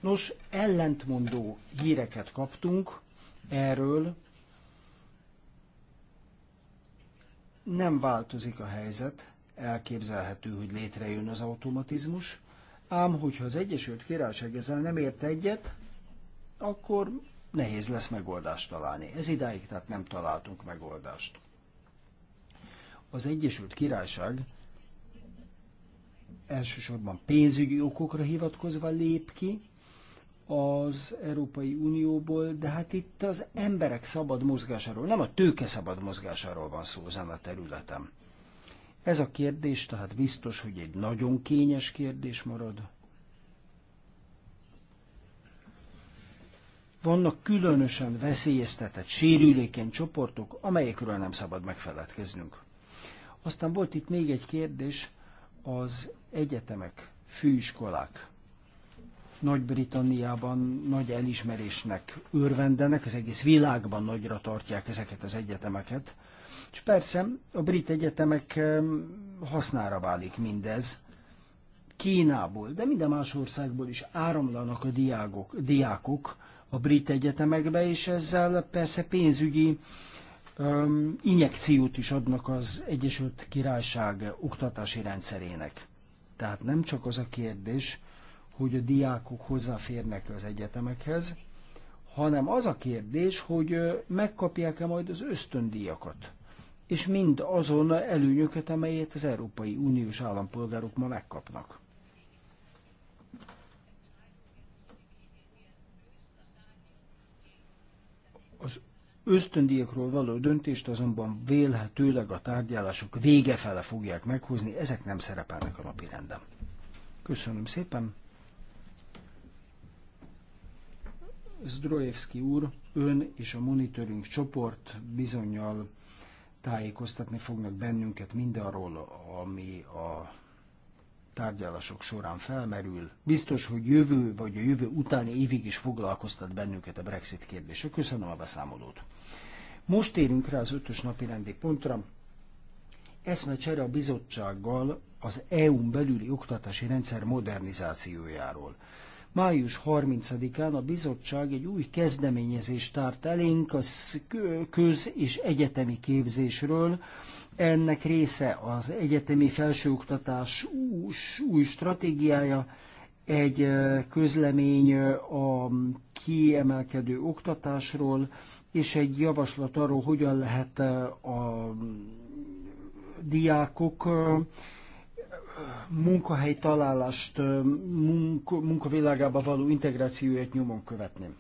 Nos, ellentmondó híreket kaptunk erről, nem változik a helyzet, elképzelhető, hogy létrejön az automatizmus, ám hogyha az Egyesült Királyság ezzel nem ért egyet, akkor nehéz lesz megoldást találni. Ez idáig tehát nem találtunk megoldást. Az Egyesült Királyság elsősorban pénzügyi okokra hivatkozva lép ki az Európai Unióból, de hát itt az emberek szabad mozgásáról, nem a tőke szabad mozgásáról van szó ezen a területen. Ez a kérdés tehát biztos, hogy egy nagyon kényes kérdés marad. Vannak különösen veszélyeztetett, sérülékeny csoportok, amelyekről nem szabad megfeledkeznünk. Aztán volt itt még egy kérdés, az egyetemek, főiskolák. Nagy-Britanniában nagy elismerésnek örvendenek, az egész világban nagyra tartják ezeket az egyetemeket. És persze a brit egyetemek hasznára válik mindez. Kínából, de minden más országból is áramlanak a diákok, diákok a brit egyetemekbe, és ezzel persze pénzügyi um, injekciót is adnak az Egyesült Királyság oktatási rendszerének. Tehát nem csak az a kérdés, hogy a diákok hozzáférnek az egyetemekhez, hanem az a kérdés, hogy megkapják-e majd az ösztöndíjakat és mind azon előnyöket, amelyet az Európai Uniós állampolgárok ma megkapnak. Az ösztöndíjakról való döntést azonban vélhetőleg a tárgyalások vége fele fogják meghozni, ezek nem szerepelnek a napi rendem. Köszönöm szépen! Zdrojevski úr, ön és a monitoring csoport bizonyal tájékoztatni fognak bennünket mindarról, ami a tárgyalások során felmerül. Biztos, hogy jövő vagy a jövő utáni évig is foglalkoztat bennünket a Brexit kérdése. Köszönöm a beszámolót. Most érünk rá az ötös napi rendi pontra. Eszmecsere a bizottsággal az EU-n belüli oktatási rendszer modernizációjáról. Május 30-án a bizottság egy új kezdeményezést tárt elénk a köz- és egyetemi képzésről. Ennek része az egyetemi felsőoktatás új stratégiája, egy közlemény a kiemelkedő oktatásról, és egy javaslat arról, hogyan lehet a diákok munkahely találást, munkavilágába való integrációját nyomon követném.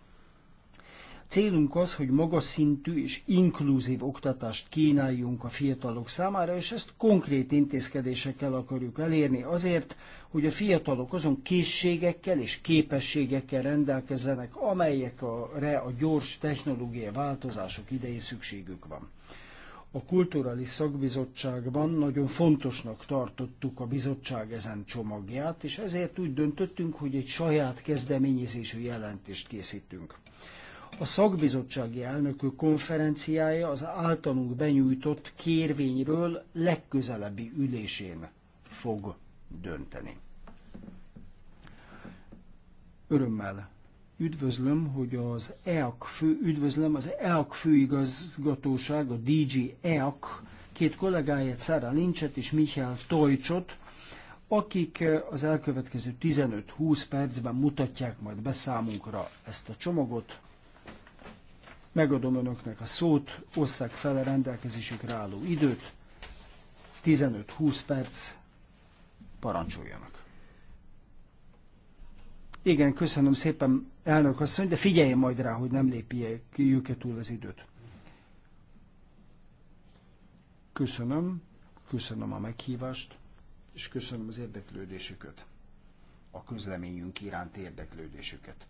Célunk az, hogy magas szintű és inkluzív oktatást kínáljunk a fiatalok számára, és ezt konkrét intézkedésekkel akarjuk elérni azért, hogy a fiatalok azon készségekkel és képességekkel rendelkezzenek, amelyekre a gyors technológiai változások idején szükségük van a Kulturális Szakbizottságban nagyon fontosnak tartottuk a bizottság ezen csomagját, és ezért úgy döntöttünk, hogy egy saját kezdeményezésű jelentést készítünk. A szakbizottsági elnökök konferenciája az általunk benyújtott kérvényről legközelebbi ülésén fog dönteni. Örömmel Üdvözlöm, hogy az EAK fő, üdvözlöm az EAK főigazgatóság, a DG EAK két kollégáját, Szára Lincset és Michael Tojcsot, akik eh, az elkövetkező 15-20 percben mutatják majd be számunkra ezt a csomagot. Megadom önöknek a szót, osszák fel a rendelkezésükre álló időt, 15-20 perc, parancsoljanak. Igen, köszönöm szépen, elnök asszony, de figyeljen majd rá, hogy nem ki őket túl az időt. Köszönöm, köszönöm a meghívást, és köszönöm az érdeklődésüket, a közleményünk iránt érdeklődésüket.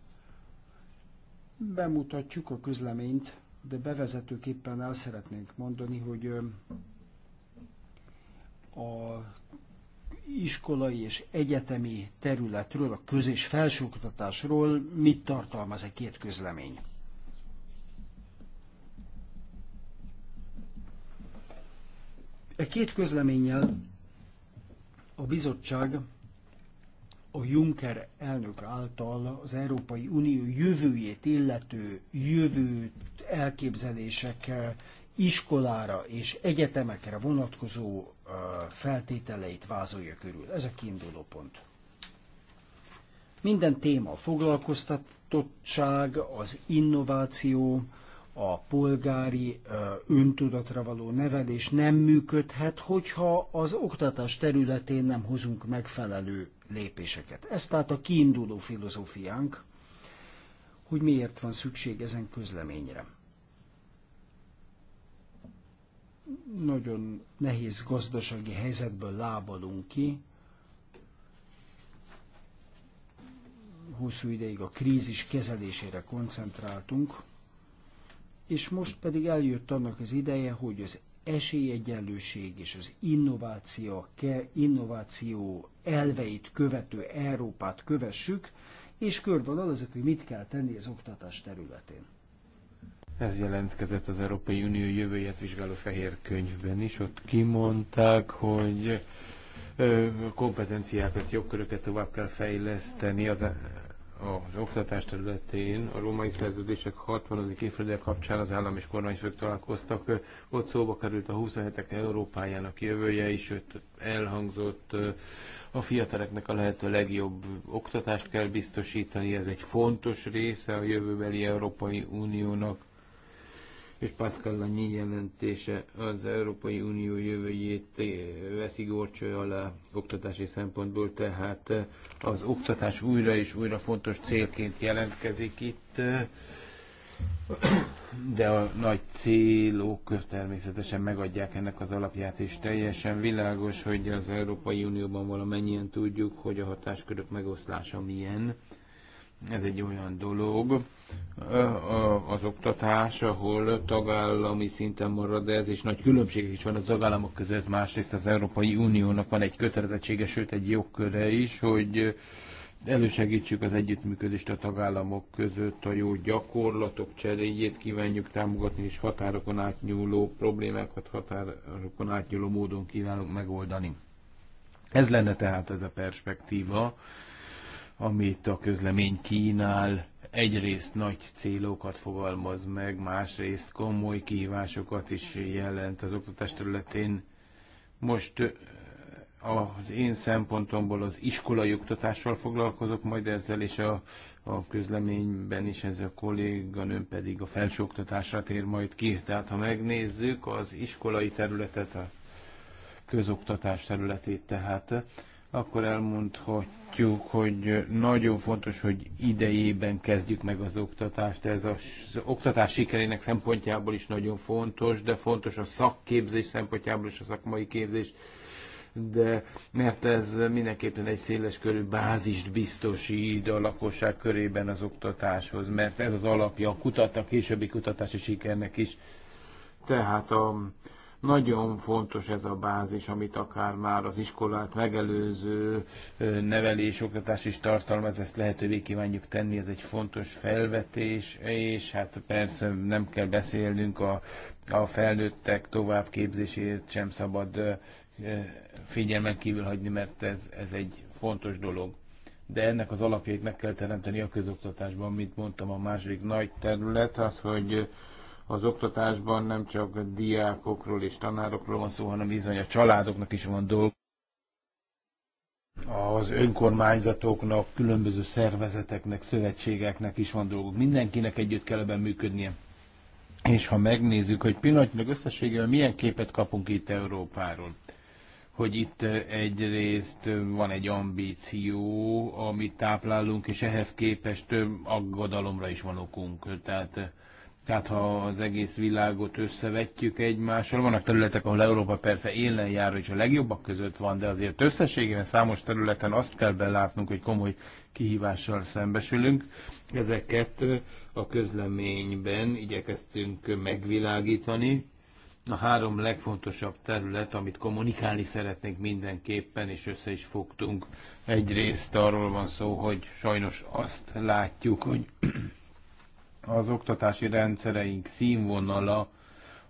Bemutatjuk a közleményt, de bevezetőképpen el szeretnénk mondani, hogy a iskolai és egyetemi területről, a köz- és felsőoktatásról mit tartalmaz e két közlemény? E két közleménnyel a bizottság a Juncker elnök által az Európai Unió jövőjét illető jövőt elképzelések iskolára és egyetemekre vonatkozó feltételeit vázolja körül. Ez a kiinduló pont. Minden téma a foglalkoztatottság, az innováció, a polgári öntudatra való nevelés nem működhet, hogyha az oktatás területén nem hozunk megfelelő lépéseket. Ez tehát a kiinduló filozófiánk, hogy miért van szükség ezen közleményre. nagyon nehéz gazdasági helyzetből lábalunk ki. Hosszú ideig a krízis kezelésére koncentráltunk, és most pedig eljött annak az ideje, hogy az esélyegyenlőség és az innováció, innováció elveit követő Európát kövessük, és körvonalazzuk, hogy mit kell tenni az oktatás területén. Ez jelentkezett az Európai Unió jövőjét vizsgáló fehér könyvben is. Ott kimondták, hogy kompetenciákat, jogköröket tovább kell fejleszteni az, e- az oktatás területén. A római szerződések 60. évfordulója kapcsán az állam és kormányfők találkoztak. Ott szóba került a 27-ek Európájának jövője is, sőt elhangzott a fiataloknak a lehető legjobb oktatást kell biztosítani. Ez egy fontos része a jövőbeli Európai Uniónak és Pascal Lanyi jelentése az Európai Unió jövőjét veszi gorcső alá oktatási szempontból, tehát az oktatás újra és újra fontos célként jelentkezik itt, de a nagy célok természetesen megadják ennek az alapját, és teljesen világos, hogy az Európai Unióban valamennyien tudjuk, hogy a hatáskörök megoszlása milyen, ez egy olyan dolog, az oktatás, ahol tagállami szinten marad ez, és nagy különbség is van a tagállamok között, másrészt az Európai Uniónak van egy kötelezettsége, sőt egy jogköre is, hogy elősegítsük az együttműködést a tagállamok között, a jó gyakorlatok cseréjét kívánjuk támogatni, és határokon átnyúló problémákat határokon átnyúló módon kívánunk megoldani. Ez lenne tehát ez a perspektíva, amit a közlemény kínál, egyrészt nagy célokat fogalmaz meg, másrészt komoly kihívásokat is jelent az oktatás területén. Most az én szempontomból az iskolai oktatással foglalkozok majd ezzel, és a, a közleményben is ez a kolléganőm pedig a felsőoktatásra tér majd ki. Tehát ha megnézzük az iskolai területet, a közoktatás területét, tehát akkor elmondhatjuk, hogy nagyon fontos, hogy idejében kezdjük meg az oktatást. Ez az oktatás sikerének szempontjából is nagyon fontos, de fontos a szakképzés szempontjából is a szakmai képzés de mert ez mindenképpen egy széles körű bázist biztosít a lakosság körében az oktatáshoz, mert ez az alapja a kutat, a későbbi kutatási sikernek is. Tehát a, nagyon fontos ez a bázis, amit akár már az iskolát megelőző nevelés, oktatás is tartalmaz, ezt lehetővé kívánjuk tenni, ez egy fontos felvetés, és hát persze nem kell beszélnünk a, a felnőttek továbbképzésért sem szabad figyelmen kívül hagyni, mert ez, ez egy fontos dolog de ennek az alapjait meg kell teremteni a közoktatásban, mint mondtam, a második nagy terület az, hogy az oktatásban nem csak diákokról és tanárokról van szó, hanem bizony a családoknak is van dolg. Az önkormányzatoknak, különböző szervezeteknek, szövetségeknek is van dolguk. Mindenkinek együtt kell ebben működnie. És ha megnézzük, hogy pillanatnyilag összességében milyen képet kapunk itt Európáról, hogy itt egyrészt van egy ambíció, amit táplálunk, és ehhez képest aggodalomra is van okunk. Tehát tehát ha az egész világot összevetjük egymással, vannak területek, ahol Európa persze élen jár, és a legjobbak között van, de azért összességében számos területen azt kell belátnunk, hogy komoly kihívással szembesülünk. Ezeket a közleményben igyekeztünk megvilágítani. A három legfontosabb terület, amit kommunikálni szeretnénk mindenképpen, és össze is fogtunk. Egyrészt arról van szó, hogy sajnos azt látjuk, hogy az oktatási rendszereink színvonala,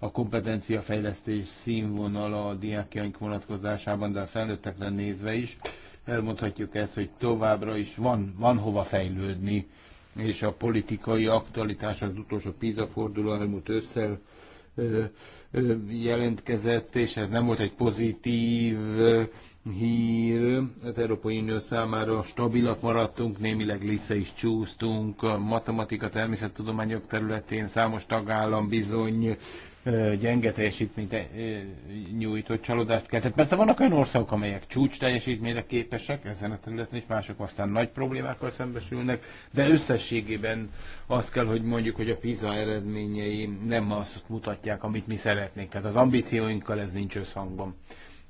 a kompetenciafejlesztés színvonala a diákjaink vonatkozásában, de a felnőttekre nézve is elmondhatjuk ezt, hogy továbbra is van, van hova fejlődni, és a politikai aktualitás az utolsó PISA forduló elmúlt ősszel jelentkezett, és ez nem volt egy pozitív hír az Európai Unió számára. Stabilak maradtunk, némileg lisze is csúsztunk. A matematika, természettudományok területén számos tagállam bizony gyenge teljesítményt nyújtott, csalódást kell. Tehát persze vannak olyan országok, amelyek csúcs teljesítményre képesek ezen a területen, és mások aztán nagy problémákkal szembesülnek, de összességében azt kell, hogy mondjuk, hogy a PISA eredményei nem azt mutatják, amit mi szeretnénk. Tehát az ambícióinkkal ez nincs összhangban.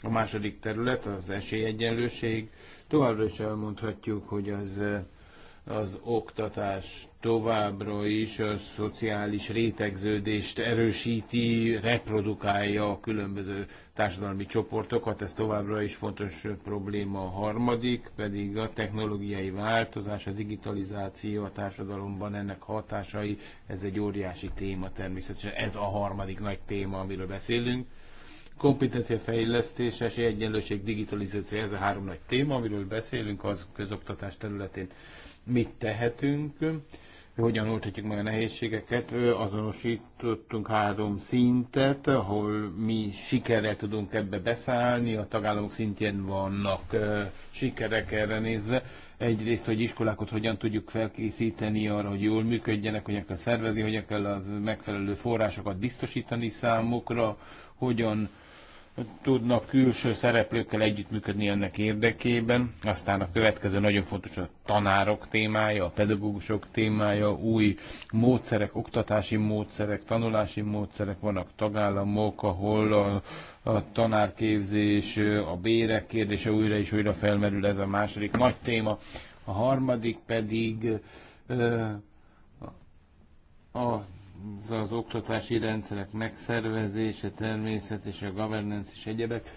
A második terület az esélyegyenlőség. Továbbra is elmondhatjuk, hogy az, az oktatás továbbra is a szociális rétegződést erősíti, reprodukálja a különböző társadalmi csoportokat, ez továbbra is fontos probléma. A harmadik pedig a technológiai változás, a digitalizáció a társadalomban, ennek hatásai, ez egy óriási téma természetesen, ez a harmadik nagy téma, amiről beszélünk kompetenciafejlesztés, esélyegyenlőség, digitalizáció, ez a három nagy téma, amiről beszélünk az közoktatás területén. Mit tehetünk, hogyan oldhatjuk meg a nehézségeket, azonosítottunk három szintet, ahol mi sikerrel tudunk ebbe beszállni, a tagállamok szintjén vannak sikerek erre nézve, egyrészt, hogy iskolákat hogyan tudjuk felkészíteni arra, hogy jól működjenek, hogyan kell szervezni, hogyan kell az megfelelő forrásokat biztosítani számukra, hogyan tudnak külső szereplőkkel együttműködni ennek érdekében. Aztán a következő nagyon fontos a tanárok témája, a pedagógusok témája, új módszerek, oktatási módszerek, tanulási módszerek, vannak tagállamok, ahol a, a tanárképzés, a bérek kérdése újra és újra felmerül, ez a második nagy téma. A harmadik pedig ö, a az, az oktatási rendszerek megszervezése, természet és a governance és egyebek.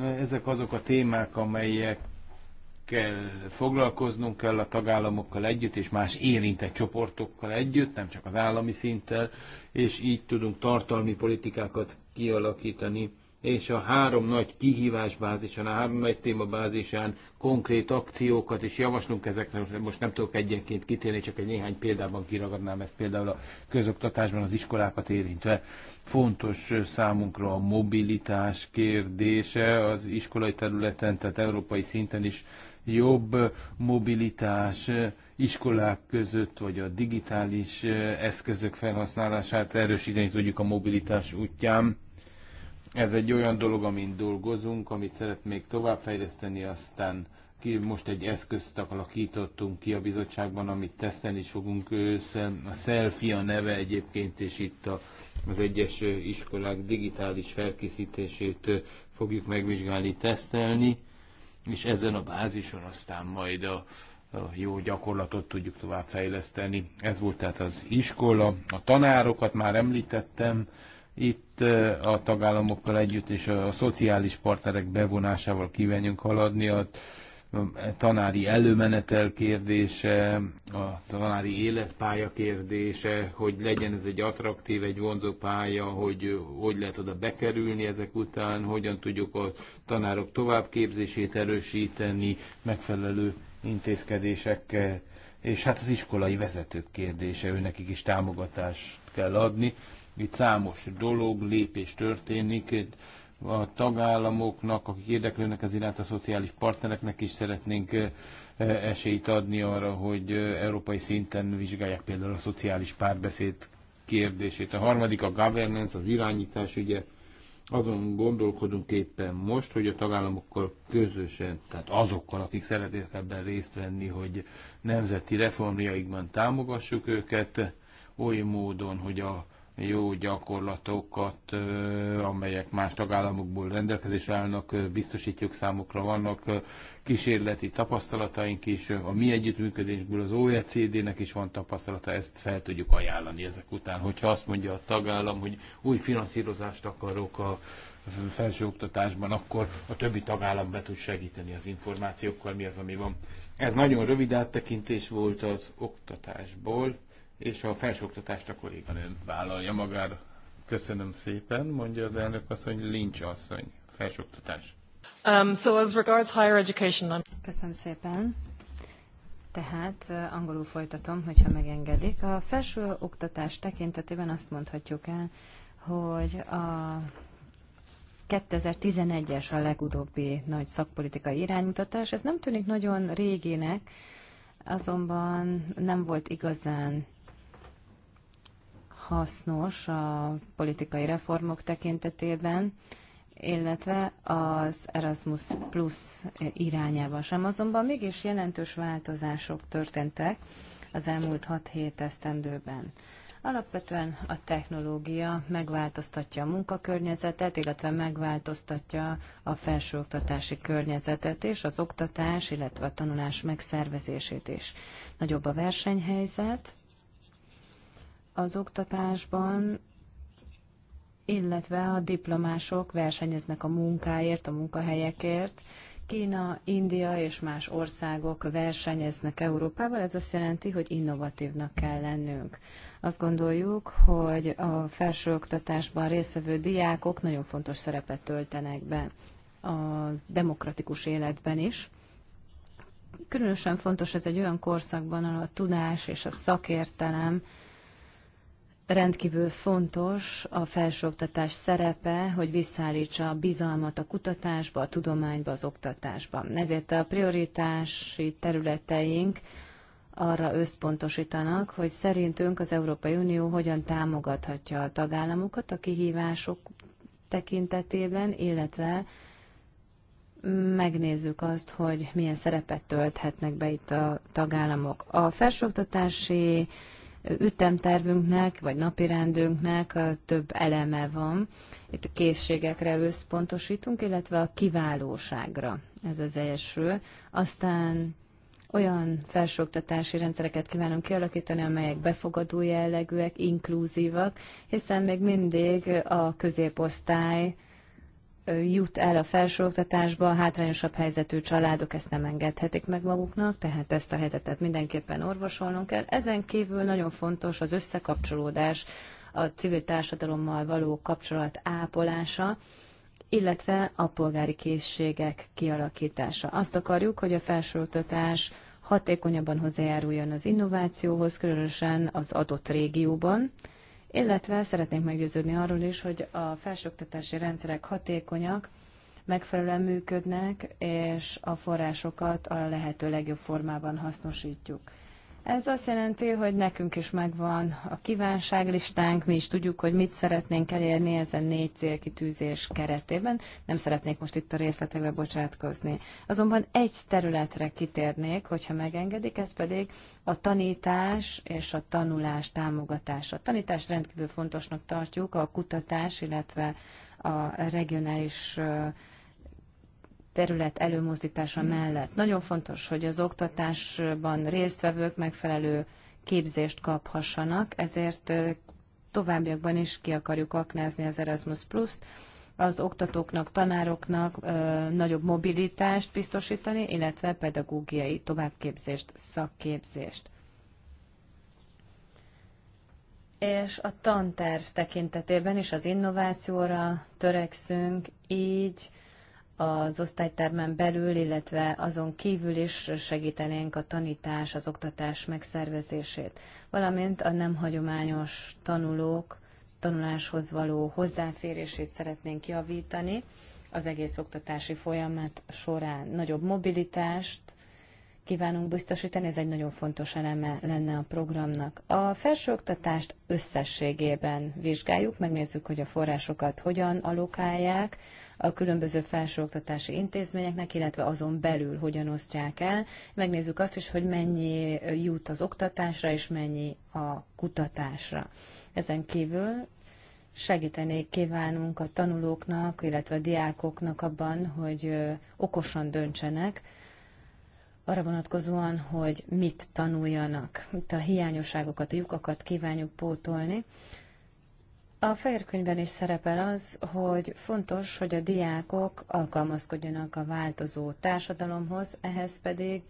Ezek azok a témák, amelyekkel foglalkoznunk kell a tagállamokkal együtt, és más érintett csoportokkal együtt, nem csak az állami szinttel, és így tudunk tartalmi politikákat kialakítani és a három nagy kihívás bázisán, a három nagy téma bázisán konkrét akciókat is javaslunk ezekre. Most nem tudok egyenként kitérni, csak egy néhány példában kiragadnám ezt például a közoktatásban az iskolákat érintve. Fontos számunkra a mobilitás kérdése az iskolai területen, tehát európai szinten is jobb mobilitás iskolák között, vagy a digitális eszközök felhasználását erősíteni tudjuk a mobilitás útján ez egy olyan dolog, amin dolgozunk, amit szeretnék továbbfejleszteni, aztán ki, most egy eszközt alakítottunk ki a bizottságban, amit teszteni is fogunk össze. A selfie a neve egyébként, és itt a, az egyes iskolák digitális felkészítését fogjuk megvizsgálni, tesztelni, és ezen a bázison aztán majd a, a jó gyakorlatot tudjuk továbbfejleszteni. Ez volt tehát az iskola. A tanárokat már említettem, itt a tagállamokkal együtt és a szociális partnerek bevonásával kívánjunk haladni a tanári előmenetel kérdése, a tanári életpálya kérdése, hogy legyen ez egy attraktív, egy vonzó pálya, hogy hogy lehet oda bekerülni ezek után, hogyan tudjuk a tanárok továbbképzését erősíteni megfelelő intézkedésekkel, és hát az iskolai vezetők kérdése, őnekik is támogatást kell adni. Itt számos dolog, lépés történik. A tagállamoknak, akik érdeklődnek az iránt, a szociális partnereknek is szeretnénk eh, esélyt adni arra, hogy eh, európai szinten vizsgálják például a szociális párbeszéd kérdését. A harmadik a governance, az irányítás, ugye azon gondolkodunk éppen most, hogy a tagállamokkal közösen, tehát azokkal, akik szeretnék ebben részt venni, hogy nemzeti reformjaikban támogassuk őket, oly módon, hogy a jó gyakorlatokat, amelyek más tagállamokból rendelkezésre állnak, biztosítjuk számukra, vannak kísérleti tapasztalataink is, a mi együttműködésből az OECD-nek is van tapasztalata, ezt fel tudjuk ajánlani ezek után, hogyha azt mondja a tagállam, hogy új finanszírozást akarok a felsőoktatásban, akkor a többi tagállam be tud segíteni az információkkal, mi az, ami van. Ez nagyon rövid áttekintés volt az oktatásból és a felsőoktatást a kolléganőn vállalja magár Köszönöm szépen, mondja az elnök asszony, Lincs asszony, felsőoktatás. Um, so as regards higher education, I'm... Köszönöm szépen. Tehát uh, angolul folytatom, hogyha megengedik. A felső oktatás tekintetében azt mondhatjuk el, hogy a 2011-es a legutóbbi nagy szakpolitikai iránymutatás. Ez nem tűnik nagyon régének, azonban nem volt igazán hasznos a politikai reformok tekintetében, illetve az Erasmus Plus irányába sem. Azonban mégis jelentős változások történtek az elmúlt 6-7 esztendőben. Alapvetően a technológia megváltoztatja a munkakörnyezetet, illetve megváltoztatja a felsőoktatási környezetet és az oktatás, illetve a tanulás megszervezését is. Nagyobb a versenyhelyzet, az oktatásban, illetve a diplomások versenyeznek a munkáért, a munkahelyekért. Kína, India és más országok versenyeznek Európával, ez azt jelenti, hogy innovatívnak kell lennünk. Azt gondoljuk, hogy a felsőoktatásban részvevő diákok nagyon fontos szerepet töltenek be a demokratikus életben is. Különösen fontos ez egy olyan korszakban, ahol a tudás és a szakértelem rendkívül fontos a felsőoktatás szerepe, hogy visszaállítsa a bizalmat a kutatásba, a tudományba, az oktatásba. Ezért a prioritási területeink arra összpontosítanak, hogy szerintünk az Európai Unió hogyan támogathatja a tagállamokat a kihívások tekintetében, illetve megnézzük azt, hogy milyen szerepet tölthetnek be itt a tagállamok. A felsőoktatási ütemtervünknek, vagy napirendünknek több eleme van. Itt a készségekre összpontosítunk, illetve a kiválóságra. Ez az első. Aztán olyan felsőoktatási rendszereket kívánunk kialakítani, amelyek befogadó jellegűek, inkluzívak, hiszen még mindig a középosztály jut el a felsőoktatásba, hátrányosabb helyzetű családok ezt nem engedhetik meg maguknak, tehát ezt a helyzetet mindenképpen orvosolnunk kell. Ezen kívül nagyon fontos az összekapcsolódás, a civil társadalommal való kapcsolat ápolása, illetve a polgári készségek kialakítása. Azt akarjuk, hogy a felsőoktatás hatékonyabban hozzájáruljon az innovációhoz, különösen az adott régióban, illetve szeretnénk meggyőződni arról is, hogy a felsőoktatási rendszerek hatékonyak, megfelelően működnek, és a forrásokat a lehető legjobb formában hasznosítjuk. Ez azt jelenti, hogy nekünk is megvan a kívánságlistánk, mi is tudjuk, hogy mit szeretnénk elérni ezen négy célkitűzés keretében. Nem szeretnék most itt a részletekbe bocsátkozni. Azonban egy területre kitérnék, hogyha megengedik, ez pedig a tanítás és a tanulás támogatása. A tanítást rendkívül fontosnak tartjuk, a kutatás, illetve a regionális uh, terület előmozdítása mellett. Nagyon fontos, hogy az oktatásban résztvevők megfelelő képzést kaphassanak, ezért továbbiakban is ki akarjuk aknázni az Erasmus Plus-t, az oktatóknak, tanároknak ö, nagyobb mobilitást biztosítani, illetve pedagógiai továbbképzést, szakképzést. És a tanterv tekintetében is az innovációra törekszünk, így az osztálytermen belül, illetve azon kívül is segítenénk a tanítás, az oktatás megszervezését, valamint a nem hagyományos tanulók tanuláshoz való hozzáférését szeretnénk javítani az egész oktatási folyamat során. Nagyobb mobilitást kívánunk biztosítani, ez egy nagyon fontos eleme lenne a programnak. A felsőoktatást összességében vizsgáljuk, megnézzük, hogy a forrásokat hogyan alokálják, a különböző felsőoktatási intézményeknek, illetve azon belül hogyan osztják el. Megnézzük azt is, hogy mennyi jut az oktatásra, és mennyi a kutatásra. Ezen kívül segíteni kívánunk a tanulóknak, illetve a diákoknak abban, hogy okosan döntsenek, arra vonatkozóan, hogy mit tanuljanak. Itt a hiányosságokat, a lyukakat kívánjuk pótolni. A fehér könyvben is szerepel az, hogy fontos, hogy a diákok alkalmazkodjanak a változó társadalomhoz, ehhez pedig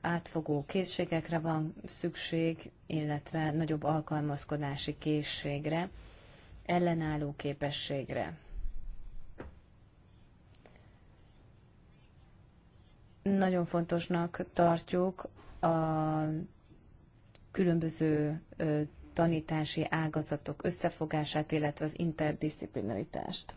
átfogó készségekre van szükség, illetve nagyobb alkalmazkodási készségre, ellenálló képességre. Nagyon fontosnak tartjuk a különböző tanítási ágazatok összefogását, illetve az interdisziplinaritást.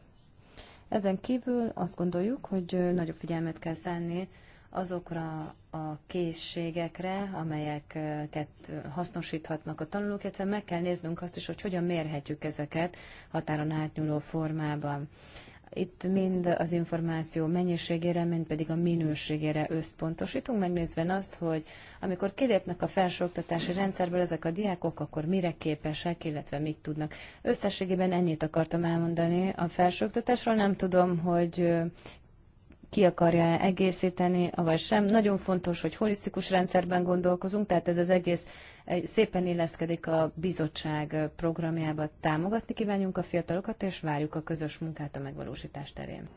Ezen kívül azt gondoljuk, hogy nagyobb figyelmet kell szánni azokra a készségekre, amelyeket hasznosíthatnak a tanulók, illetve meg kell néznünk azt is, hogy hogyan mérhetjük ezeket határon átnyúló formában. Itt mind az információ mennyiségére, mind pedig a minőségére összpontosítunk, megnézve azt, hogy amikor kilépnek a felsőoktatási rendszerből ezek a diákok, akkor mire képesek, illetve mit tudnak. Összességében ennyit akartam elmondani a felsőoktatásról. Nem tudom, hogy ki akarja egészíteni, vagy sem. Nagyon fontos, hogy holisztikus rendszerben gondolkozunk, tehát ez az egész szépen illeszkedik a bizottság programjába. Támogatni kívánjunk a fiatalokat, és várjuk a közös munkát a megvalósítás terén.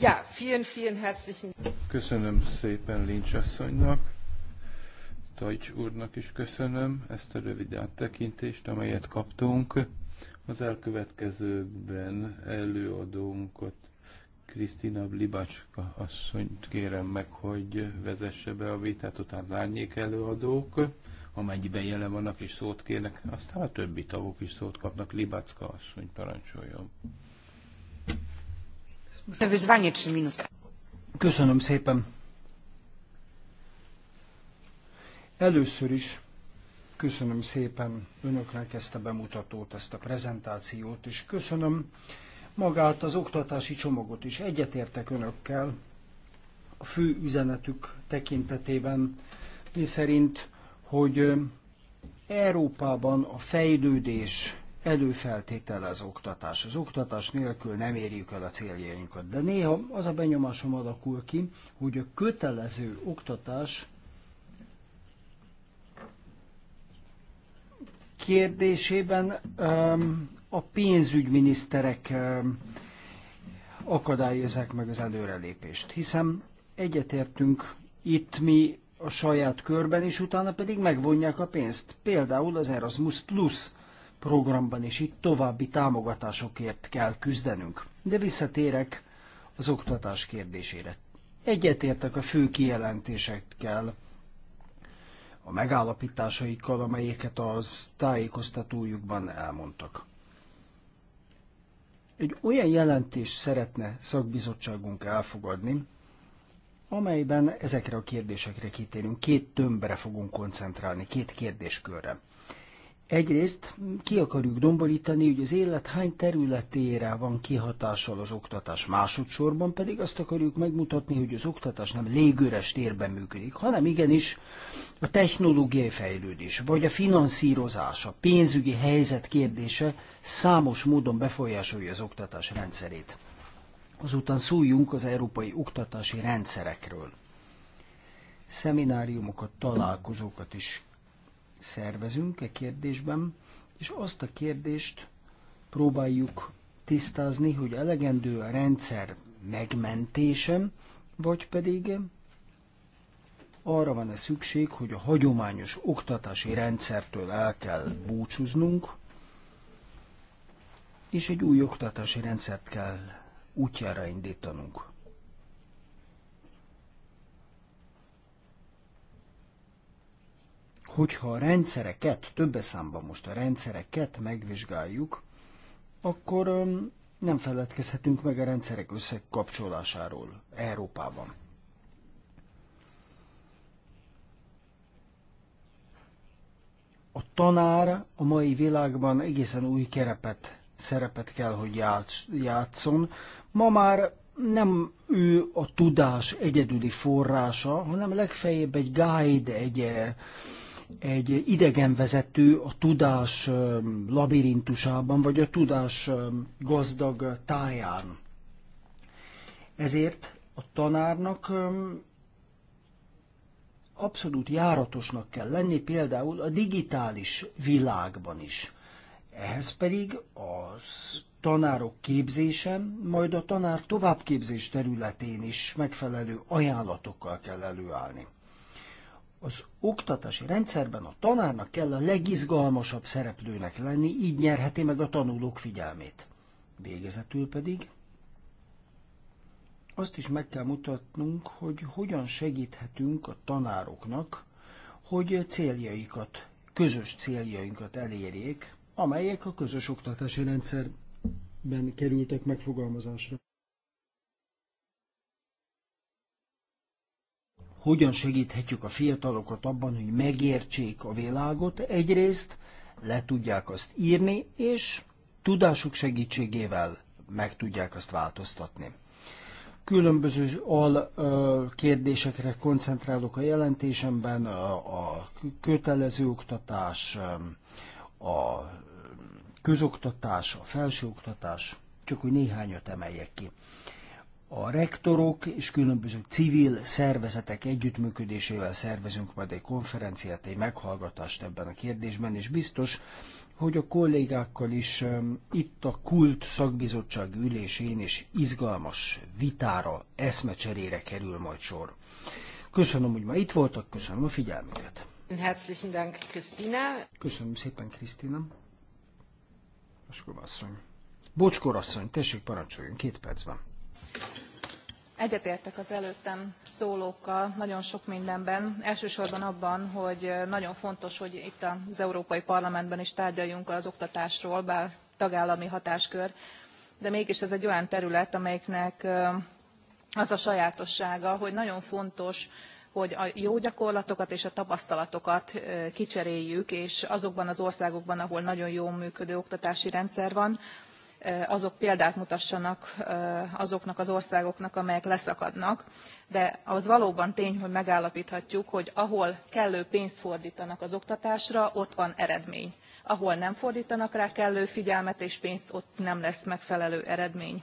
Ja, vielen, vielen herzlichen Köszönöm szépen Lincs asszonynak, Tajcs úrnak is köszönöm ezt a rövid áttekintést, amelyet kaptunk. Az elkövetkezőkben előadónkat Krisztina Blibacska asszonyt kérem meg, hogy vezesse be a vitát, utána lányék előadók, amennyiben jelen vannak és szót kérnek, aztán a többi tagok is szót kapnak. Libacka asszony, parancsoljon. Köszönöm szépen. Először is köszönöm szépen önöknek ezt a bemutatót, ezt a prezentációt, és köszönöm, magát az oktatási csomagot is. Egyetértek önökkel a fő üzenetük tekintetében, mi szerint, hogy Európában a fejlődés előfeltétele az oktatás. Az oktatás nélkül nem érjük el a céljainkat. De néha az a benyomásom alakul ki, hogy a kötelező oktatás kérdésében um, a pénzügyminiszterek akadályozzák meg az előrelépést. Hiszen egyetértünk itt mi a saját körben, és utána pedig megvonják a pénzt. Például az Erasmus Plus programban is itt további támogatásokért kell küzdenünk. De visszatérek az oktatás kérdésére. Egyetértek a fő kijelentésekkel, a megállapításaikkal, amelyeket az tájékoztatójukban elmondtak egy olyan jelentést szeretne szakbizottságunk elfogadni, amelyben ezekre a kérdésekre kitérünk. Két tömbre fogunk koncentrálni, két kérdéskörre. Egyrészt ki akarjuk domborítani, hogy az élet hány területére van kihatással az oktatás, másodszorban pedig azt akarjuk megmutatni, hogy az oktatás nem légőres térben működik, hanem igenis a technológiai fejlődés, vagy a finanszírozás, a pénzügyi helyzet kérdése számos módon befolyásolja az oktatás rendszerét. Azután szóljunk az európai oktatási rendszerekről. Szemináriumokat, találkozókat is szervezünk e kérdésben, és azt a kérdést próbáljuk tisztázni, hogy elegendő a rendszer megmentésem, vagy pedig arra van-e szükség, hogy a hagyományos oktatási rendszertől el kell búcsúznunk, és egy új oktatási rendszert kell útjára indítanunk. Hogyha a rendszereket, többes számban most a rendszereket megvizsgáljuk, akkor nem feledkezhetünk meg a rendszerek összekapcsolásáról Európában. A tanár a mai világban egészen új kerepet, szerepet kell, hogy játszon. Ma már nem ő a tudás egyedüli forrása, hanem legfeljebb egy guide, egy egy idegenvezető a tudás labirintusában, vagy a tudás gazdag táján. Ezért a tanárnak abszolút járatosnak kell lenni például a digitális világban is. Ehhez pedig az tanárok képzése, majd a tanár továbbképzés területén is megfelelő ajánlatokkal kell előállni az oktatási rendszerben a tanárnak kell a legizgalmasabb szereplőnek lenni, így nyerheti meg a tanulók figyelmét. Végezetül pedig azt is meg kell mutatnunk, hogy hogyan segíthetünk a tanároknak, hogy céljaikat, közös céljainkat elérjék, amelyek a közös oktatási rendszerben kerültek megfogalmazásra. hogyan segíthetjük a fiatalokat abban, hogy megértsék a világot egyrészt, le tudják azt írni, és tudásuk segítségével meg tudják azt változtatni. Különböző al kérdésekre koncentrálok a jelentésemben, a kötelező oktatás, a közoktatás, a felsőoktatás, csak hogy néhányat emeljek ki a rektorok és különböző civil szervezetek együttműködésével szervezünk majd egy konferenciát, egy meghallgatást ebben a kérdésben, és biztos, hogy a kollégákkal is um, itt a kult szakbizottság ülésén is izgalmas vitára, eszmecserére kerül majd sor. Köszönöm, hogy ma itt voltak, köszönöm a figyelmüket. Herzlichen Dank, Krisztina. Köszönöm szépen, Krisztina. Bocskor asszony. Bocskor asszony, tessék parancsoljon, két percben. Egyetértek az előttem szólókkal nagyon sok mindenben, elsősorban abban, hogy nagyon fontos, hogy itt az Európai Parlamentben is tárgyaljunk az oktatásról, bár tagállami hatáskör, de mégis ez egy olyan terület, amelyiknek az a sajátossága, hogy nagyon fontos, hogy a jó gyakorlatokat és a tapasztalatokat kicseréljük, és azokban az országokban, ahol nagyon jól működő oktatási rendszer van, azok példát mutassanak azoknak az országoknak, amelyek leszakadnak, de az valóban tény, hogy megállapíthatjuk, hogy ahol kellő pénzt fordítanak az oktatásra, ott van eredmény. Ahol nem fordítanak rá kellő figyelmet és pénzt, ott nem lesz megfelelő eredmény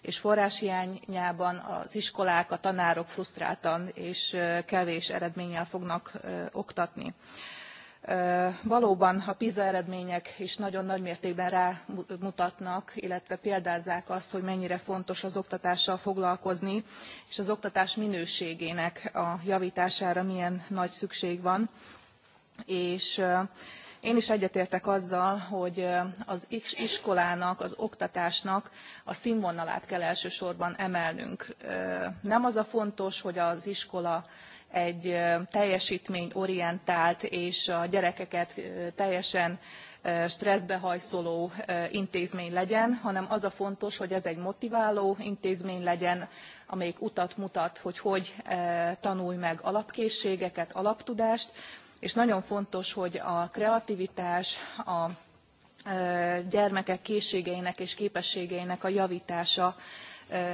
és forráshiányában az iskolák, a tanárok frusztráltan és kevés eredménnyel fognak oktatni valóban a pisa eredmények is nagyon nagy mértékben rámutatnak illetve példázzák azt hogy mennyire fontos az oktatással foglalkozni és az oktatás minőségének a javtására milyen nagy szükség van és én is egyetértek azzal hogy az iskolának az oktatásnak a sznvonalát kell elsősorban emelnünk. nem az a fontos hogy az iskola egy teljesítményorientált és a gyerekeket teljesen stresszbe hajszoló intézmény legyen, hanem az a fontos, hogy ez egy motiváló intézmény legyen, amelyik utat mutat, hogy hogy tanulj meg alapkészségeket, alaptudást, és nagyon fontos, hogy a kreativitás, a gyermekek készségeinek és képességeinek a javítása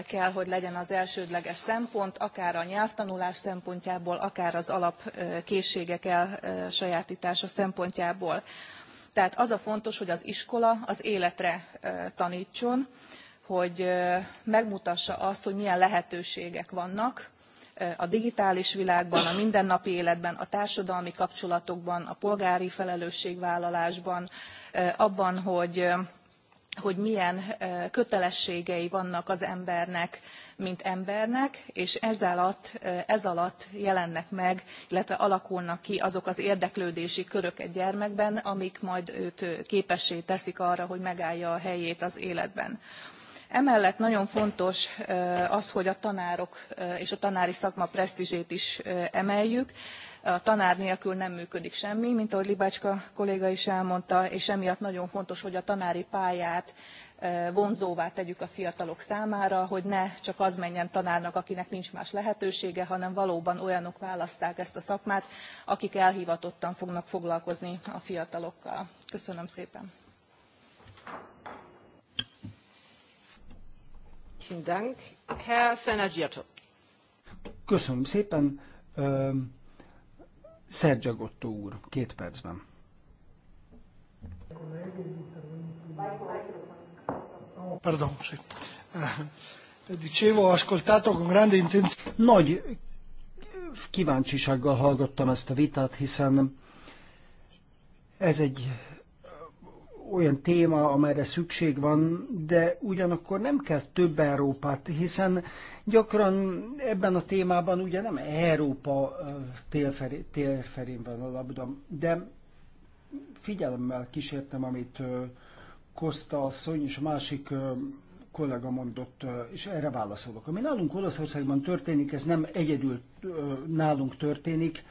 kell, hogy legyen az elsődleges szempont, akár a nyelvtanulás szempontjából, akár az alapkészségek elsajátítása szempontjából. Tehát az a fontos, hogy az iskola az életre tanítson, hogy megmutassa azt, hogy milyen lehetőségek vannak a digitális világban, a mindennapi életben, a társadalmi kapcsolatokban, a polgári felelősségvállalásban, abban, hogy hogy milyen kötelességei vannak az embernek, mint embernek, és ez alatt, ez alatt jelennek meg, illetve alakulnak ki azok az érdeklődési körök egy gyermekben, amik majd őt képessé teszik arra, hogy megállja a helyét az életben emellett nagyon fontos az hogy a tanárok és a tanári szakma presztzsét is emeljük a tanár nélkül nem működik semmi mint ahogy libacska kolléga is elmondta és emiatt nagyon fontos hogy a tanári pályát vonzóvá tegyük a fiatalok számára hogy ne csak az menjen tanárnak akinek nincs más lehetősége hanem valóban olyanok válasszák ezt a szakmát akik elhivatottan fognak foglalkozni a fiatalokkal. köszönöm szépen! Köszönöm szépen. Szerzsa Gotto úr, két percben. Pardon, sì. Eh, dicevo, ho ascoltato con grande intenzione. Nagy kíváncsisággal hallgattam ezt a vitát, hiszen ez egy olyan téma, amelyre szükség van, de ugyanakkor nem kell több Európát, hiszen gyakran ebben a témában ugye nem Európa térfelén van a labda, de figyelemmel kísértem, amit Kosta asszony és másik kollega mondott, és erre válaszolok. Ami nálunk Olaszországban történik, ez nem egyedül nálunk történik.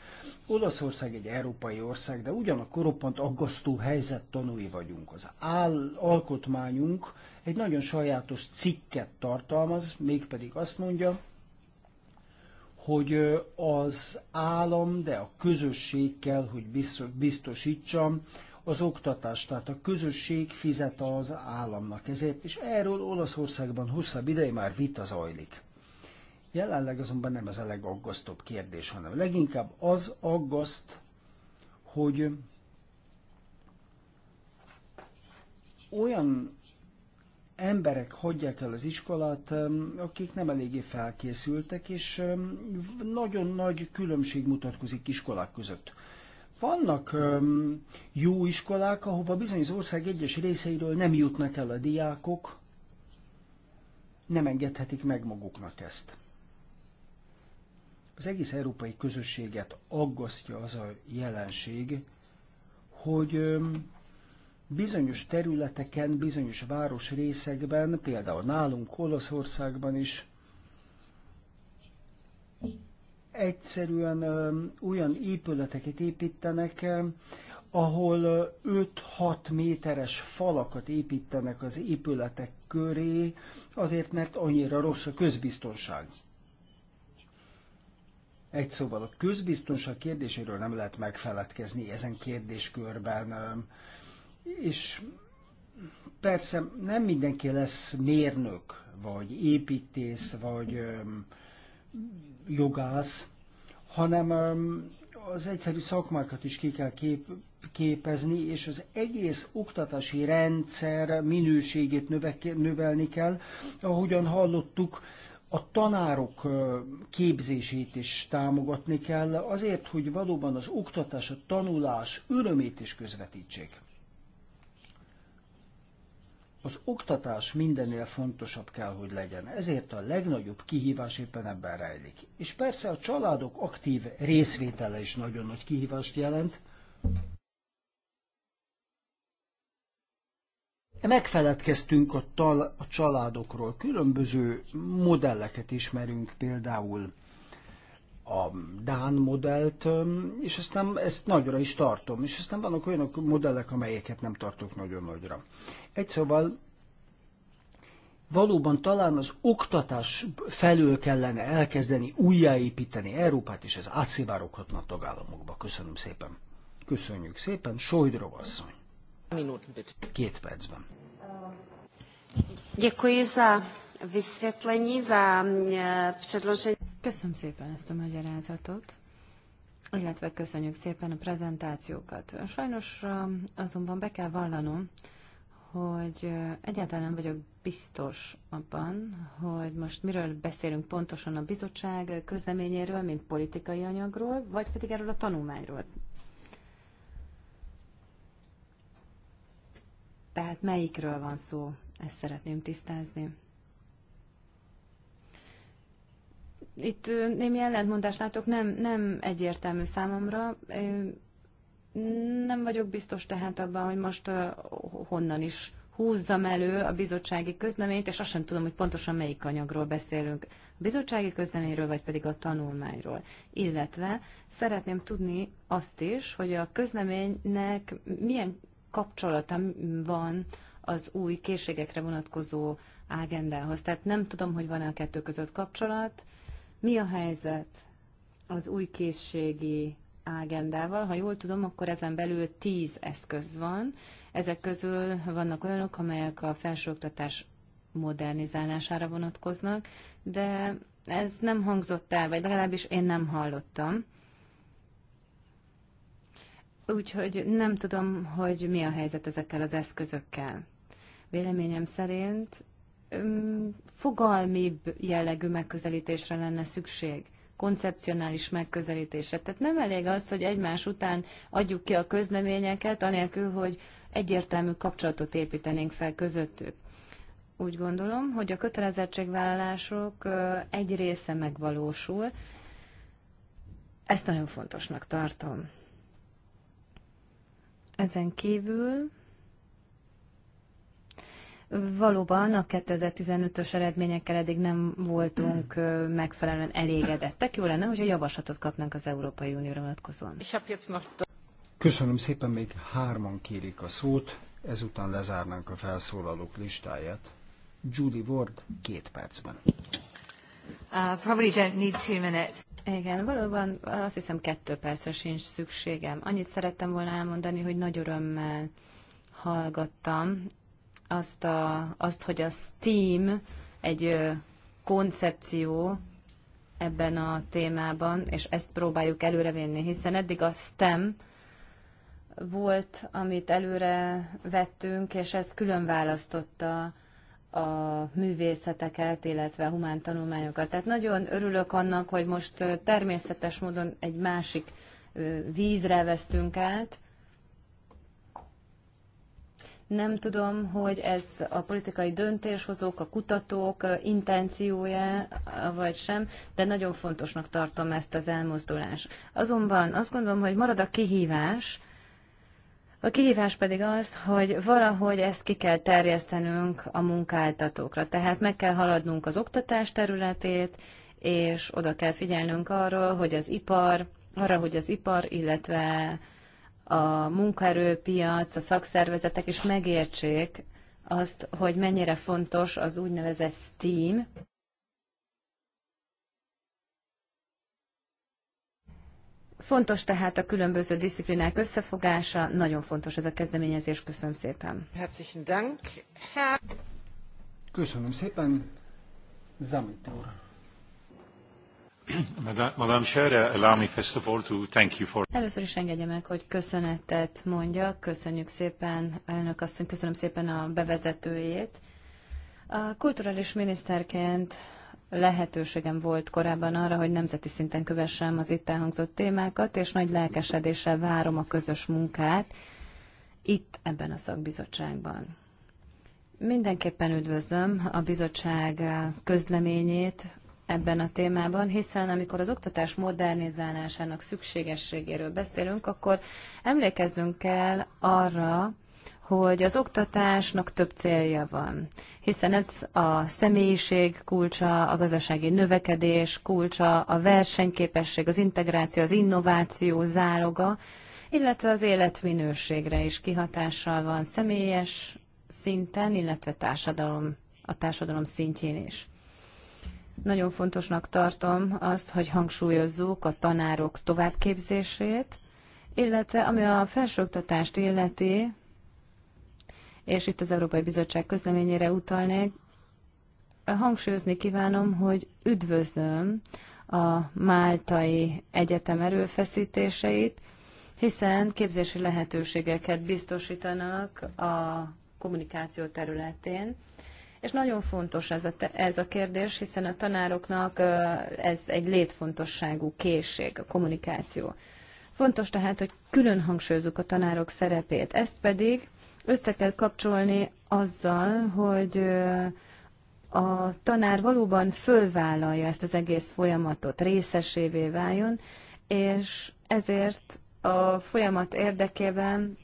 Olaszország egy európai ország, de ugyanakkor roppant aggasztó helyzet tanúi vagyunk. Az áll, alkotmányunk egy nagyon sajátos cikket tartalmaz, mégpedig azt mondja, hogy az állam, de a közösség kell, hogy biztosítsam, az oktatást, tehát a közösség fizet az államnak ezért, és erről Olaszországban hosszabb ideje már vita zajlik. Jelenleg azonban nem ez a legaggasztóbb kérdés, hanem leginkább az aggaszt, hogy olyan emberek hagyják el az iskolát, akik nem eléggé felkészültek, és nagyon nagy különbség mutatkozik iskolák között. Vannak öm, jó iskolák, ahova bizony az ország egyes részeiről nem jutnak el a diákok, nem engedhetik meg maguknak ezt. Az egész európai közösséget aggasztja az a jelenség, hogy öm, bizonyos területeken, bizonyos városrészekben, például nálunk Olaszországban is, egyszerűen olyan épületeket építenek, ahol 5-6 méteres falakat építenek az épületek köré, azért mert annyira rossz a közbiztonság. Egy szóval a közbiztonság kérdéséről nem lehet megfeledkezni ezen kérdéskörben. És persze nem mindenki lesz mérnök, vagy építész, vagy jogász, hanem az egyszerű szakmákat is ki kell kép, képezni, és az egész oktatási rendszer minőségét növelni kell. Ahogyan hallottuk, a tanárok képzését is támogatni kell, azért, hogy valóban az oktatás, a tanulás örömét is közvetítsék. Az oktatás mindennél fontosabb kell, hogy legyen. Ezért a legnagyobb kihívás éppen ebben rejlik. És persze a családok aktív részvétele is nagyon nagy kihívást jelent. Megfeledkeztünk a, tal- a családokról, különböző modelleket ismerünk, például a Dán modellt, és aztán ezt nagyra is tartom. És aztán vannak olyan modellek, amelyeket nem tartok nagyon nagyra. Egy szóval valóban talán az oktatás felől kellene elkezdeni újjáépíteni Európát, és ez átszivároghatna a tagállamokba. Köszönöm szépen. Köszönjük szépen. Sojdrov asszony. Két percben. Köszönöm. za Köszönöm szépen ezt a magyarázatot, illetve köszönjük szépen a prezentációkat. Sajnos azonban be kell vallanom, hogy egyáltalán nem vagyok biztos abban, hogy most miről beszélünk pontosan a bizottság közleményéről, mint politikai anyagról, vagy pedig erről a tanulmányról. Tehát melyikről van szó, ezt szeretném tisztázni. itt némi ellentmondást látok, nem, nem egyértelmű számomra. Nem vagyok biztos tehát abban, hogy most honnan is húzzam elő a bizottsági közleményt, és azt sem tudom, hogy pontosan melyik anyagról beszélünk. A bizottsági közleményről, vagy pedig a tanulmányról. Illetve szeretném tudni azt is, hogy a közleménynek milyen kapcsolata van az új készségekre vonatkozó ágendához. Tehát nem tudom, hogy van-e a kettő között kapcsolat, mi a helyzet az új készségi ágendával? Ha jól tudom, akkor ezen belül tíz eszköz van. Ezek közül vannak olyanok, amelyek a felsőoktatás modernizálására vonatkoznak, de ez nem hangzott el, vagy legalábbis én nem hallottam. Úgyhogy nem tudom, hogy mi a helyzet ezekkel az eszközökkel. Véleményem szerint fogalmibb jellegű megközelítésre lenne szükség koncepcionális megközelítésre. Tehát nem elég az, hogy egymás után adjuk ki a közleményeket, anélkül, hogy egyértelmű kapcsolatot építenénk fel közöttük. Úgy gondolom, hogy a kötelezettségvállalások egy része megvalósul. Ezt nagyon fontosnak tartom. Ezen kívül Valóban a 2015-ös eredményekkel eddig nem voltunk megfelelően elégedettek. Jó lenne, hogyha javaslatot kapnánk az Európai Unióra vonatkozóan. Köszönöm szépen, még hárman kérik a szót, ezután lezárnánk a felszólalók listáját. Julie Ward két percben. Uh, probably don't need two minutes. Igen, valóban azt hiszem kettő percre sincs szükségem. Annyit szerettem volna elmondani, hogy nagy örömmel hallgattam azt, a, azt, hogy a Steam egy koncepció ebben a témában, és ezt próbáljuk előrevinni, hiszen eddig a STEM volt, amit előre vettünk, és ez külön választotta a művészeteket, illetve a humán tanulmányokat. Tehát nagyon örülök annak, hogy most természetes módon egy másik vízre vesztünk át, nem tudom, hogy ez a politikai döntéshozók, a kutatók intenciója vagy sem, de nagyon fontosnak tartom ezt az elmozdulást. Azonban azt gondolom, hogy marad a kihívás, a kihívás pedig az, hogy valahogy ezt ki kell terjesztenünk a munkáltatókra. Tehát meg kell haladnunk az oktatás területét, és oda kell figyelnünk arról, hogy az ipar, arra, hogy az ipar, illetve a munkaerőpiac, a szakszervezetek is megértsék azt, hogy mennyire fontos az úgynevezett STEAM, Fontos tehát a különböző disziplinák összefogása, nagyon fontos ez a kezdeményezés. Köszönöm szépen. Herzlichen Dank. Köszönöm szépen, Zamit úr. Először is engedje meg, hogy köszönetet mondjak. Köszönjük szépen, elnök asszony, köszönöm szépen a bevezetőjét. A kulturális miniszterként lehetőségem volt korábban arra, hogy nemzeti szinten kövessem az itt elhangzott témákat, és nagy lelkesedéssel várom a közös munkát itt ebben a szakbizottságban. Mindenképpen üdvözlöm a bizottság közleményét ebben a témában, hiszen amikor az oktatás modernizálásának szükségességéről beszélünk, akkor emlékeznünk kell arra, hogy az oktatásnak több célja van, hiszen ez a személyiség kulcsa, a gazdasági növekedés kulcsa, a versenyképesség, az integráció, az innováció záloga, illetve az életminőségre is kihatással van személyes szinten, illetve társadalom, a társadalom szintjén is. Nagyon fontosnak tartom azt, hogy hangsúlyozzuk a tanárok továbbképzését, illetve ami a felsőoktatást illeti, és itt az Európai Bizottság közleményére utalnék, hangsúlyozni kívánom, hogy üdvözlöm a Máltai Egyetem erőfeszítéseit, hiszen képzési lehetőségeket biztosítanak a kommunikáció területén, és nagyon fontos ez a, ez a kérdés, hiszen a tanároknak ez egy létfontosságú készség, a kommunikáció. Fontos tehát, hogy külön hangsúlyozzuk a tanárok szerepét. Ezt pedig össze kell kapcsolni azzal, hogy a tanár valóban fölvállalja ezt az egész folyamatot, részesévé váljon, és ezért a folyamat érdekében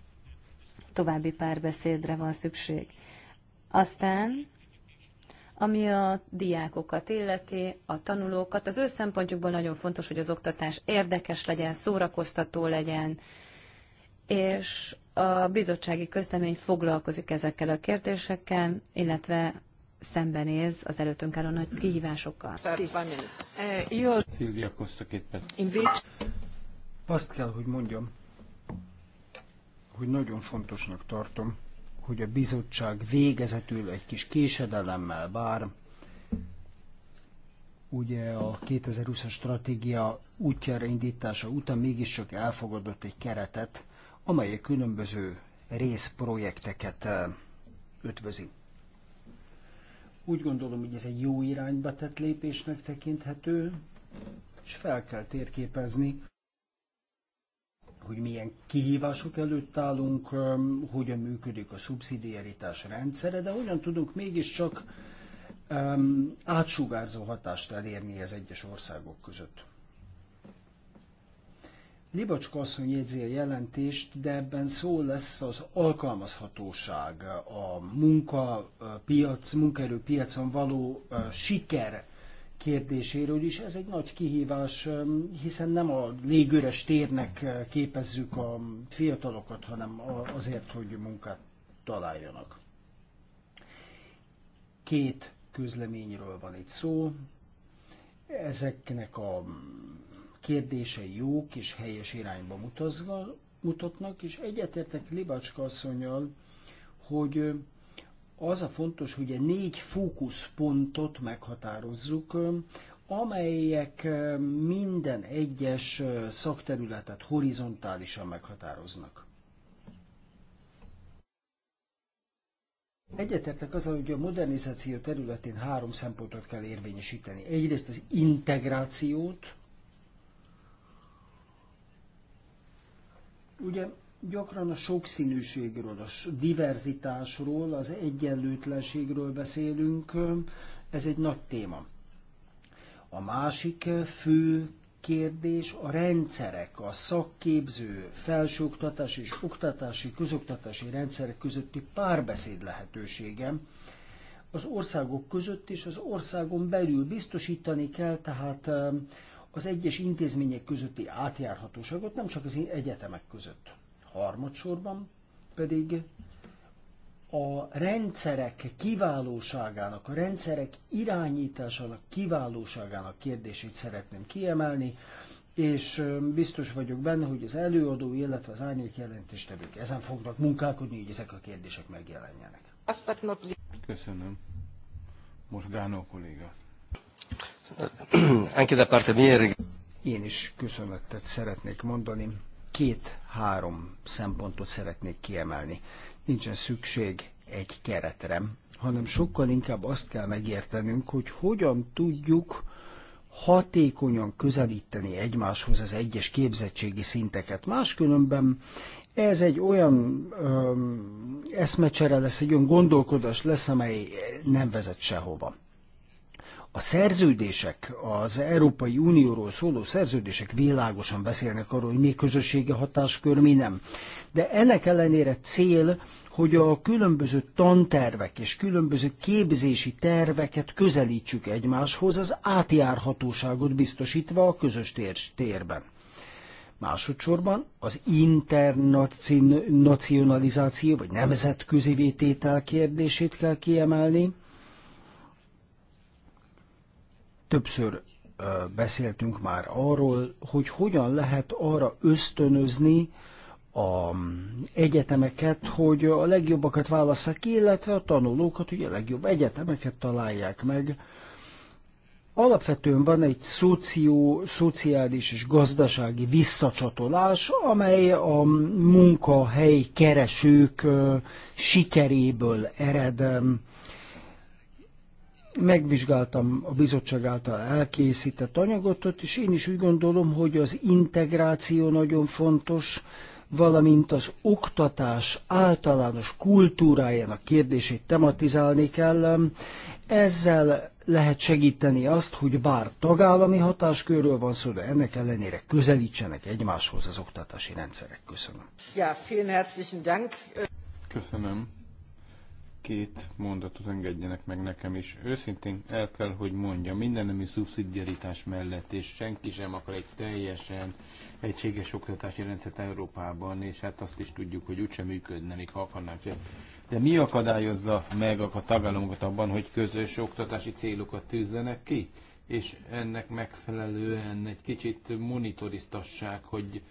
további párbeszédre van szükség. Aztán ami a diákokat illeti, a tanulókat, az ő szempontjukból nagyon fontos, hogy az oktatás érdekes legyen, szórakoztató legyen, és a bizottsági közlemény foglalkozik ezekkel a kérdésekkel, illetve szembenéz az előttünk álló nagy kihívásokkal. Eh, Szilvia Koszta, két perc. Azt kell, hogy mondjam, hogy nagyon fontosnak tartom, hogy a bizottság végezetül egy kis késedelemmel bár, ugye a 2020-as stratégia útjára indítása után mégiscsak elfogadott egy keretet, amely a különböző részprojekteket eh, ötvözi. Úgy gondolom, hogy ez egy jó irányba tett lépésnek tekinthető, és fel kell térképezni, hogy milyen kihívások előtt állunk, hogyan működik a szubszidiaritás rendszere, de hogyan tudunk mégiscsak átsugárzó hatást elérni az egyes országok között. Libacska asszony jegyzi a jelentést, de ebben szó lesz az alkalmazhatóság, a munka, piac, munkaerőpiacon való siker kérdéséről is. Ez egy nagy kihívás, hiszen nem a légüres térnek képezzük a fiatalokat, hanem azért, hogy munkát találjanak. Két közleményről van itt szó. Ezeknek a kérdései jók és helyes irányba mutatnak, és egyetértek Libacska asszonyjal, hogy az a fontos, hogy a négy fókuszpontot meghatározzuk, amelyek minden egyes szakterületet horizontálisan meghatároznak. Egyetértek azzal, hogy a modernizáció területén három szempontot kell érvényesíteni. Egyrészt az integrációt, ugye gyakran a sokszínűségről, a diverzitásról, az egyenlőtlenségről beszélünk, ez egy nagy téma. A másik fő kérdés a rendszerek, a szakképző, felsőoktatás és oktatási, közoktatási rendszerek közötti párbeszéd lehetősége az országok között és az országon belül biztosítani kell, tehát az egyes intézmények közötti átjárhatóságot, nem csak az egyetemek között harmadsorban pedig a rendszerek kiválóságának, a rendszerek irányításának kiválóságának kérdését szeretném kiemelni, és biztos vagyok benne, hogy az előadó, illetve az árnyék jelentéstevők ezen fognak munkálkodni, hogy ezek a kérdések megjelenjenek. Köszönöm. Morgano kolléga. Anche da parte mia. Én is köszönetet szeretnék mondani két-három szempontot szeretnék kiemelni. Nincsen szükség egy keretre, hanem sokkal inkább azt kell megértenünk, hogy hogyan tudjuk hatékonyan közelíteni egymáshoz az egyes képzettségi szinteket. Máskülönben ez egy olyan öm, eszmecsere lesz, egy olyan gondolkodás lesz, amely nem vezet sehova. A szerződések, az Európai Unióról szóló szerződések világosan beszélnek arról, hogy mi közösségi hatáskör, mi nem. De ennek ellenére cél, hogy a különböző tantervek és különböző képzési terveket közelítsük egymáshoz, az átjárhatóságot biztosítva a közös térben. Másodszorban az internacionalizáció vagy nemzetközi vététel kérdését kell kiemelni, Többször beszéltünk már arról, hogy hogyan lehet arra ösztönözni a mm, egyetemeket, hogy a legjobbakat válasszák ki, illetve a tanulókat, hogy a legjobb egyetemeket találják meg. Alapvetően van egy szoció, szociális és gazdasági visszacsatolás, amely a munkahely keresők sikeréből ered megvizsgáltam a bizottság által elkészített anyagot, és én is úgy gondolom, hogy az integráció nagyon fontos, valamint az oktatás általános kultúrájának kérdését tematizálni kell. Ezzel lehet segíteni azt, hogy bár tagállami hatáskörről van szó, de ennek ellenére közelítsenek egymáshoz az oktatási rendszerek. Köszönöm. Ja, vielen herzlichen Dank. Köszönöm két mondatot engedjenek meg nekem is. Őszintén el kell, hogy mondja, minden ami szubszidiaritás mellett, és senki sem akar egy teljesen egységes oktatási rendszert Európában, és hát azt is tudjuk, hogy úgysem működne, még ha akarnánk. De mi akadályozza meg a tagállamokat abban, hogy közös oktatási célokat tűzzenek ki? És ennek megfelelően egy kicsit monitoriztassák, hogy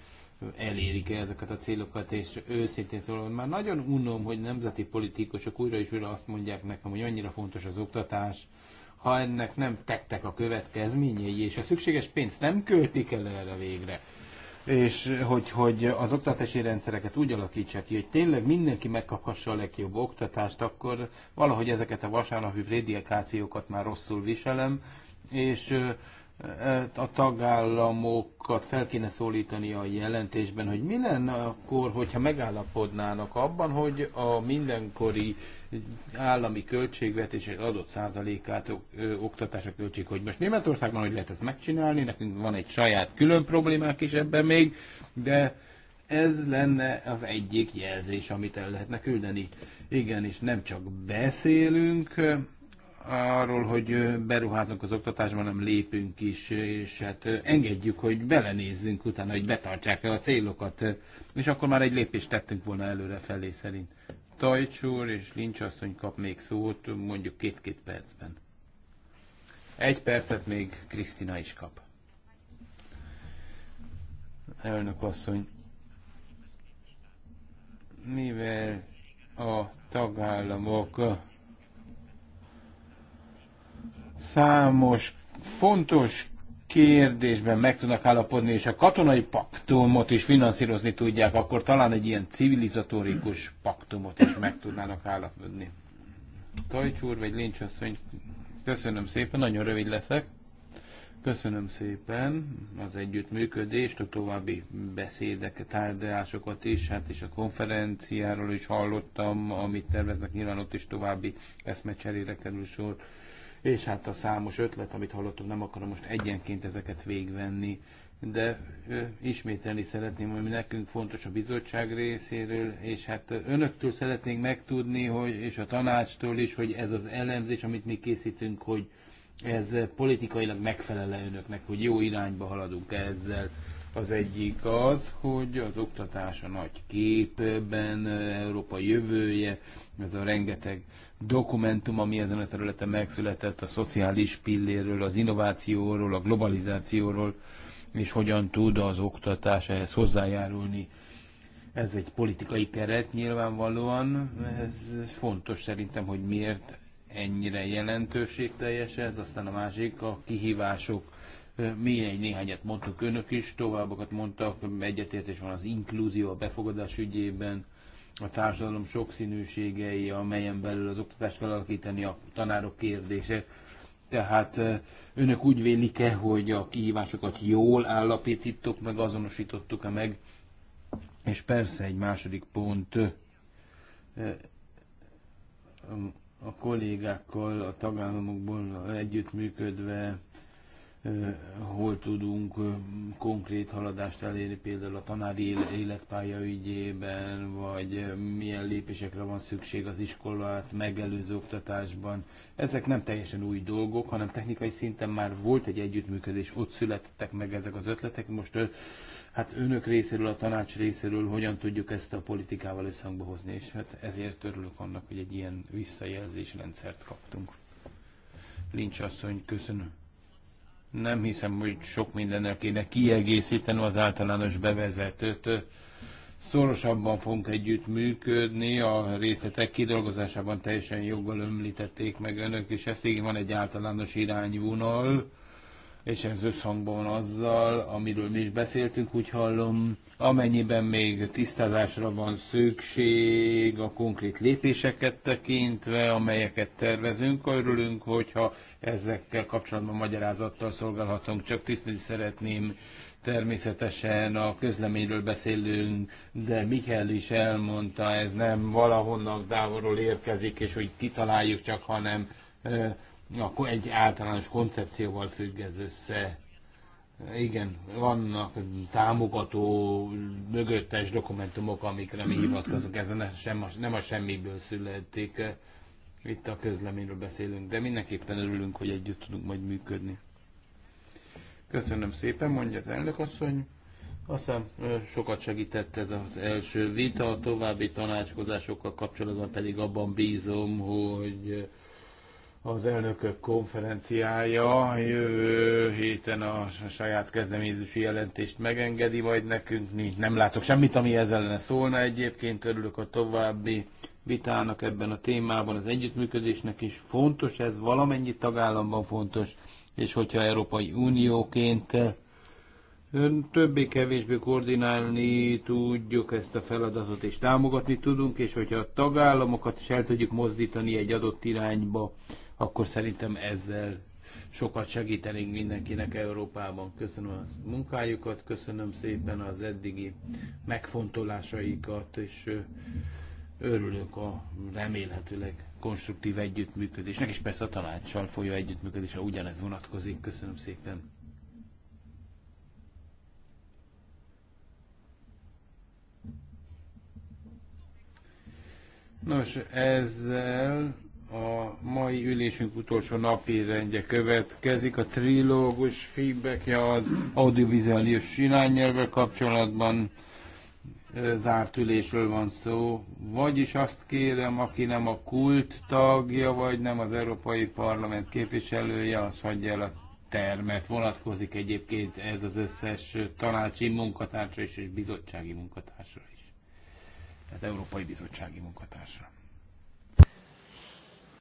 elérik -e ezeket a célokat, és őszintén szólva már nagyon unom, hogy nemzeti politikusok újra és újra azt mondják nekem, hogy annyira fontos az oktatás, ha ennek nem tettek a következményei, és a szükséges pénzt nem költik el erre végre, és hogy, hogy az oktatási rendszereket úgy alakítsák ki, hogy tényleg mindenki megkaphassa a legjobb oktatást, akkor valahogy ezeket a vasárnapi prédikációkat már rosszul viselem, és Eh, a tagállamokat fel kéne szólítani a jelentésben, hogy mi lenne akkor, hogyha megállapodnának abban, hogy a mindenkori állami költségvetés egy adott százalékát oktatásra költség, hogy most Németországban hogy lehet ezt megcsinálni, nekünk van egy saját külön problémák is ebben még, de ez lenne az egyik jelzés, amit el lehetne küldeni. Igen, és nem csak beszélünk arról, hogy beruházunk az oktatásban, nem lépünk is, és hát engedjük, hogy belenézzünk utána, hogy betartsák-e a célokat. És akkor már egy lépést tettünk volna előre felé szerint. Tajcs úr és Lincs asszony kap még szót, mondjuk két-két percben. Egy percet még Krisztina is kap. Elnök asszony, mivel a tagállamok Számos fontos kérdésben meg tudnak állapodni, és a katonai paktumot is finanszírozni tudják, akkor talán egy ilyen civilizatórikus paktumot is meg tudnának állapodni. Tajcs úr, vagy Lincs asszony, köszönöm szépen, nagyon rövid leszek. Köszönöm szépen az együttműködést, a további beszédek, tárgyalásokat is, hát és a konferenciáról is hallottam, amit terveznek, nyilván ott is további eszmecserére kerül sor és hát a számos ötlet, amit hallottunk, nem akarom most egyenként ezeket végvenni, de ö, ismételni szeretném, ami nekünk fontos a bizottság részéről, és hát önöktől szeretnénk megtudni, hogy, és a tanácstól is, hogy ez az elemzés, amit mi készítünk, hogy ez politikailag megfelele önöknek, hogy jó irányba haladunk ezzel. Az egyik az, hogy az oktatás a nagy képben, Európa jövője, ez a rengeteg dokumentum, ami ezen a területen megszületett, a szociális pilléről, az innovációról, a globalizációról, és hogyan tud az oktatás ehhez hozzájárulni. Ez egy politikai keret nyilvánvalóan, ez fontos szerintem, hogy miért ennyire jelentőségteljes ez, aztán a másik a kihívások. Mi egy néhányat mondtuk önök is, továbbakat mondtak, egyetértés van az inkluzió, a befogadás ügyében, a társadalom sokszínűségei, amelyen belül az oktatást kell alakítani, a tanárok kérdése. Tehát eh, önök úgy vélik-e, hogy a kihívásokat jól állapítottuk meg, azonosítottuk-e meg? És persze egy második pont eh, a kollégákkal, a tagállamokból együttműködve hol tudunk konkrét haladást elérni, például a tanári életpálya ügyében, vagy milyen lépésekre van szükség az iskolát megelőző oktatásban. Ezek nem teljesen új dolgok, hanem technikai szinten már volt egy együttműködés, ott születtek meg ezek az ötletek. Most hát önök részéről, a tanács részéről hogyan tudjuk ezt a politikával összhangba hozni, és hát ezért örülök annak, hogy egy ilyen visszajelzésrendszert kaptunk. Lincs asszony, köszönöm. Nem hiszem, hogy sok mindennel kéne kiegészíteni az általános bevezetőt. Szorosabban fogunk együtt működni, a részletek kidolgozásában teljesen joggal ömlítették meg önök, és ezt így van egy általános irányvonal, és ez összhangban azzal, amiről mi is beszéltünk, úgy hallom, amennyiben még tisztázásra van szükség a konkrét lépéseket tekintve, amelyeket tervezünk, örülünk, hogyha ezekkel kapcsolatban magyarázattal szolgálhatunk, csak tisztelni szeretném, természetesen a közleményről beszélünk, de Mikkel is elmondta, ez nem valahonnan dávorról érkezik, és hogy kitaláljuk csak, hanem akkor egy általános koncepcióval függ ez össze. Igen, vannak támogató, mögöttes dokumentumok, amikre mi hivatkozunk, ez nem a, nem a semmiből születik. Itt a közleményről beszélünk, de mindenképpen örülünk, hogy együtt tudunk majd működni. Köszönöm szépen, mondja az asszony. Aztán sokat segített ez az első vita, a további tanácskozásokkal kapcsolatban pedig abban bízom, hogy az elnökök konferenciája jövő héten a saját kezdeményezési jelentést megengedi majd nekünk. Nincs, nem látok semmit, ami ezzel ellene szólna. Egyébként örülök a további vitának ebben a témában, az együttműködésnek is fontos, ez valamennyi tagállamban fontos, és hogyha Európai Unióként eh, többé-kevésbé koordinálni tudjuk ezt a feladatot, és támogatni tudunk, és hogyha a tagállamokat is el tudjuk mozdítani egy adott irányba, akkor szerintem ezzel sokat segítenénk mindenkinek Európában. Köszönöm a munkájukat, köszönöm szépen az eddigi megfontolásaikat, és örülök a remélhetőleg konstruktív együttműködésnek, és persze a tanácssal folyó ha ugyanez vonatkozik. Köszönöm szépen. Nos, ezzel a mai ülésünk utolsó napi rendje következik. A trilógus feedbackje az audiovizuális irányelvvel kapcsolatban zárt ülésről van szó. Vagyis azt kérem, aki nem a kult tagja, vagy nem az Európai Parlament képviselője, az hagyja el a termet. Vonatkozik egyébként ez az összes tanácsi munkatársa is, és bizottsági munkatársa is. Tehát Európai Bizottsági munkatársa.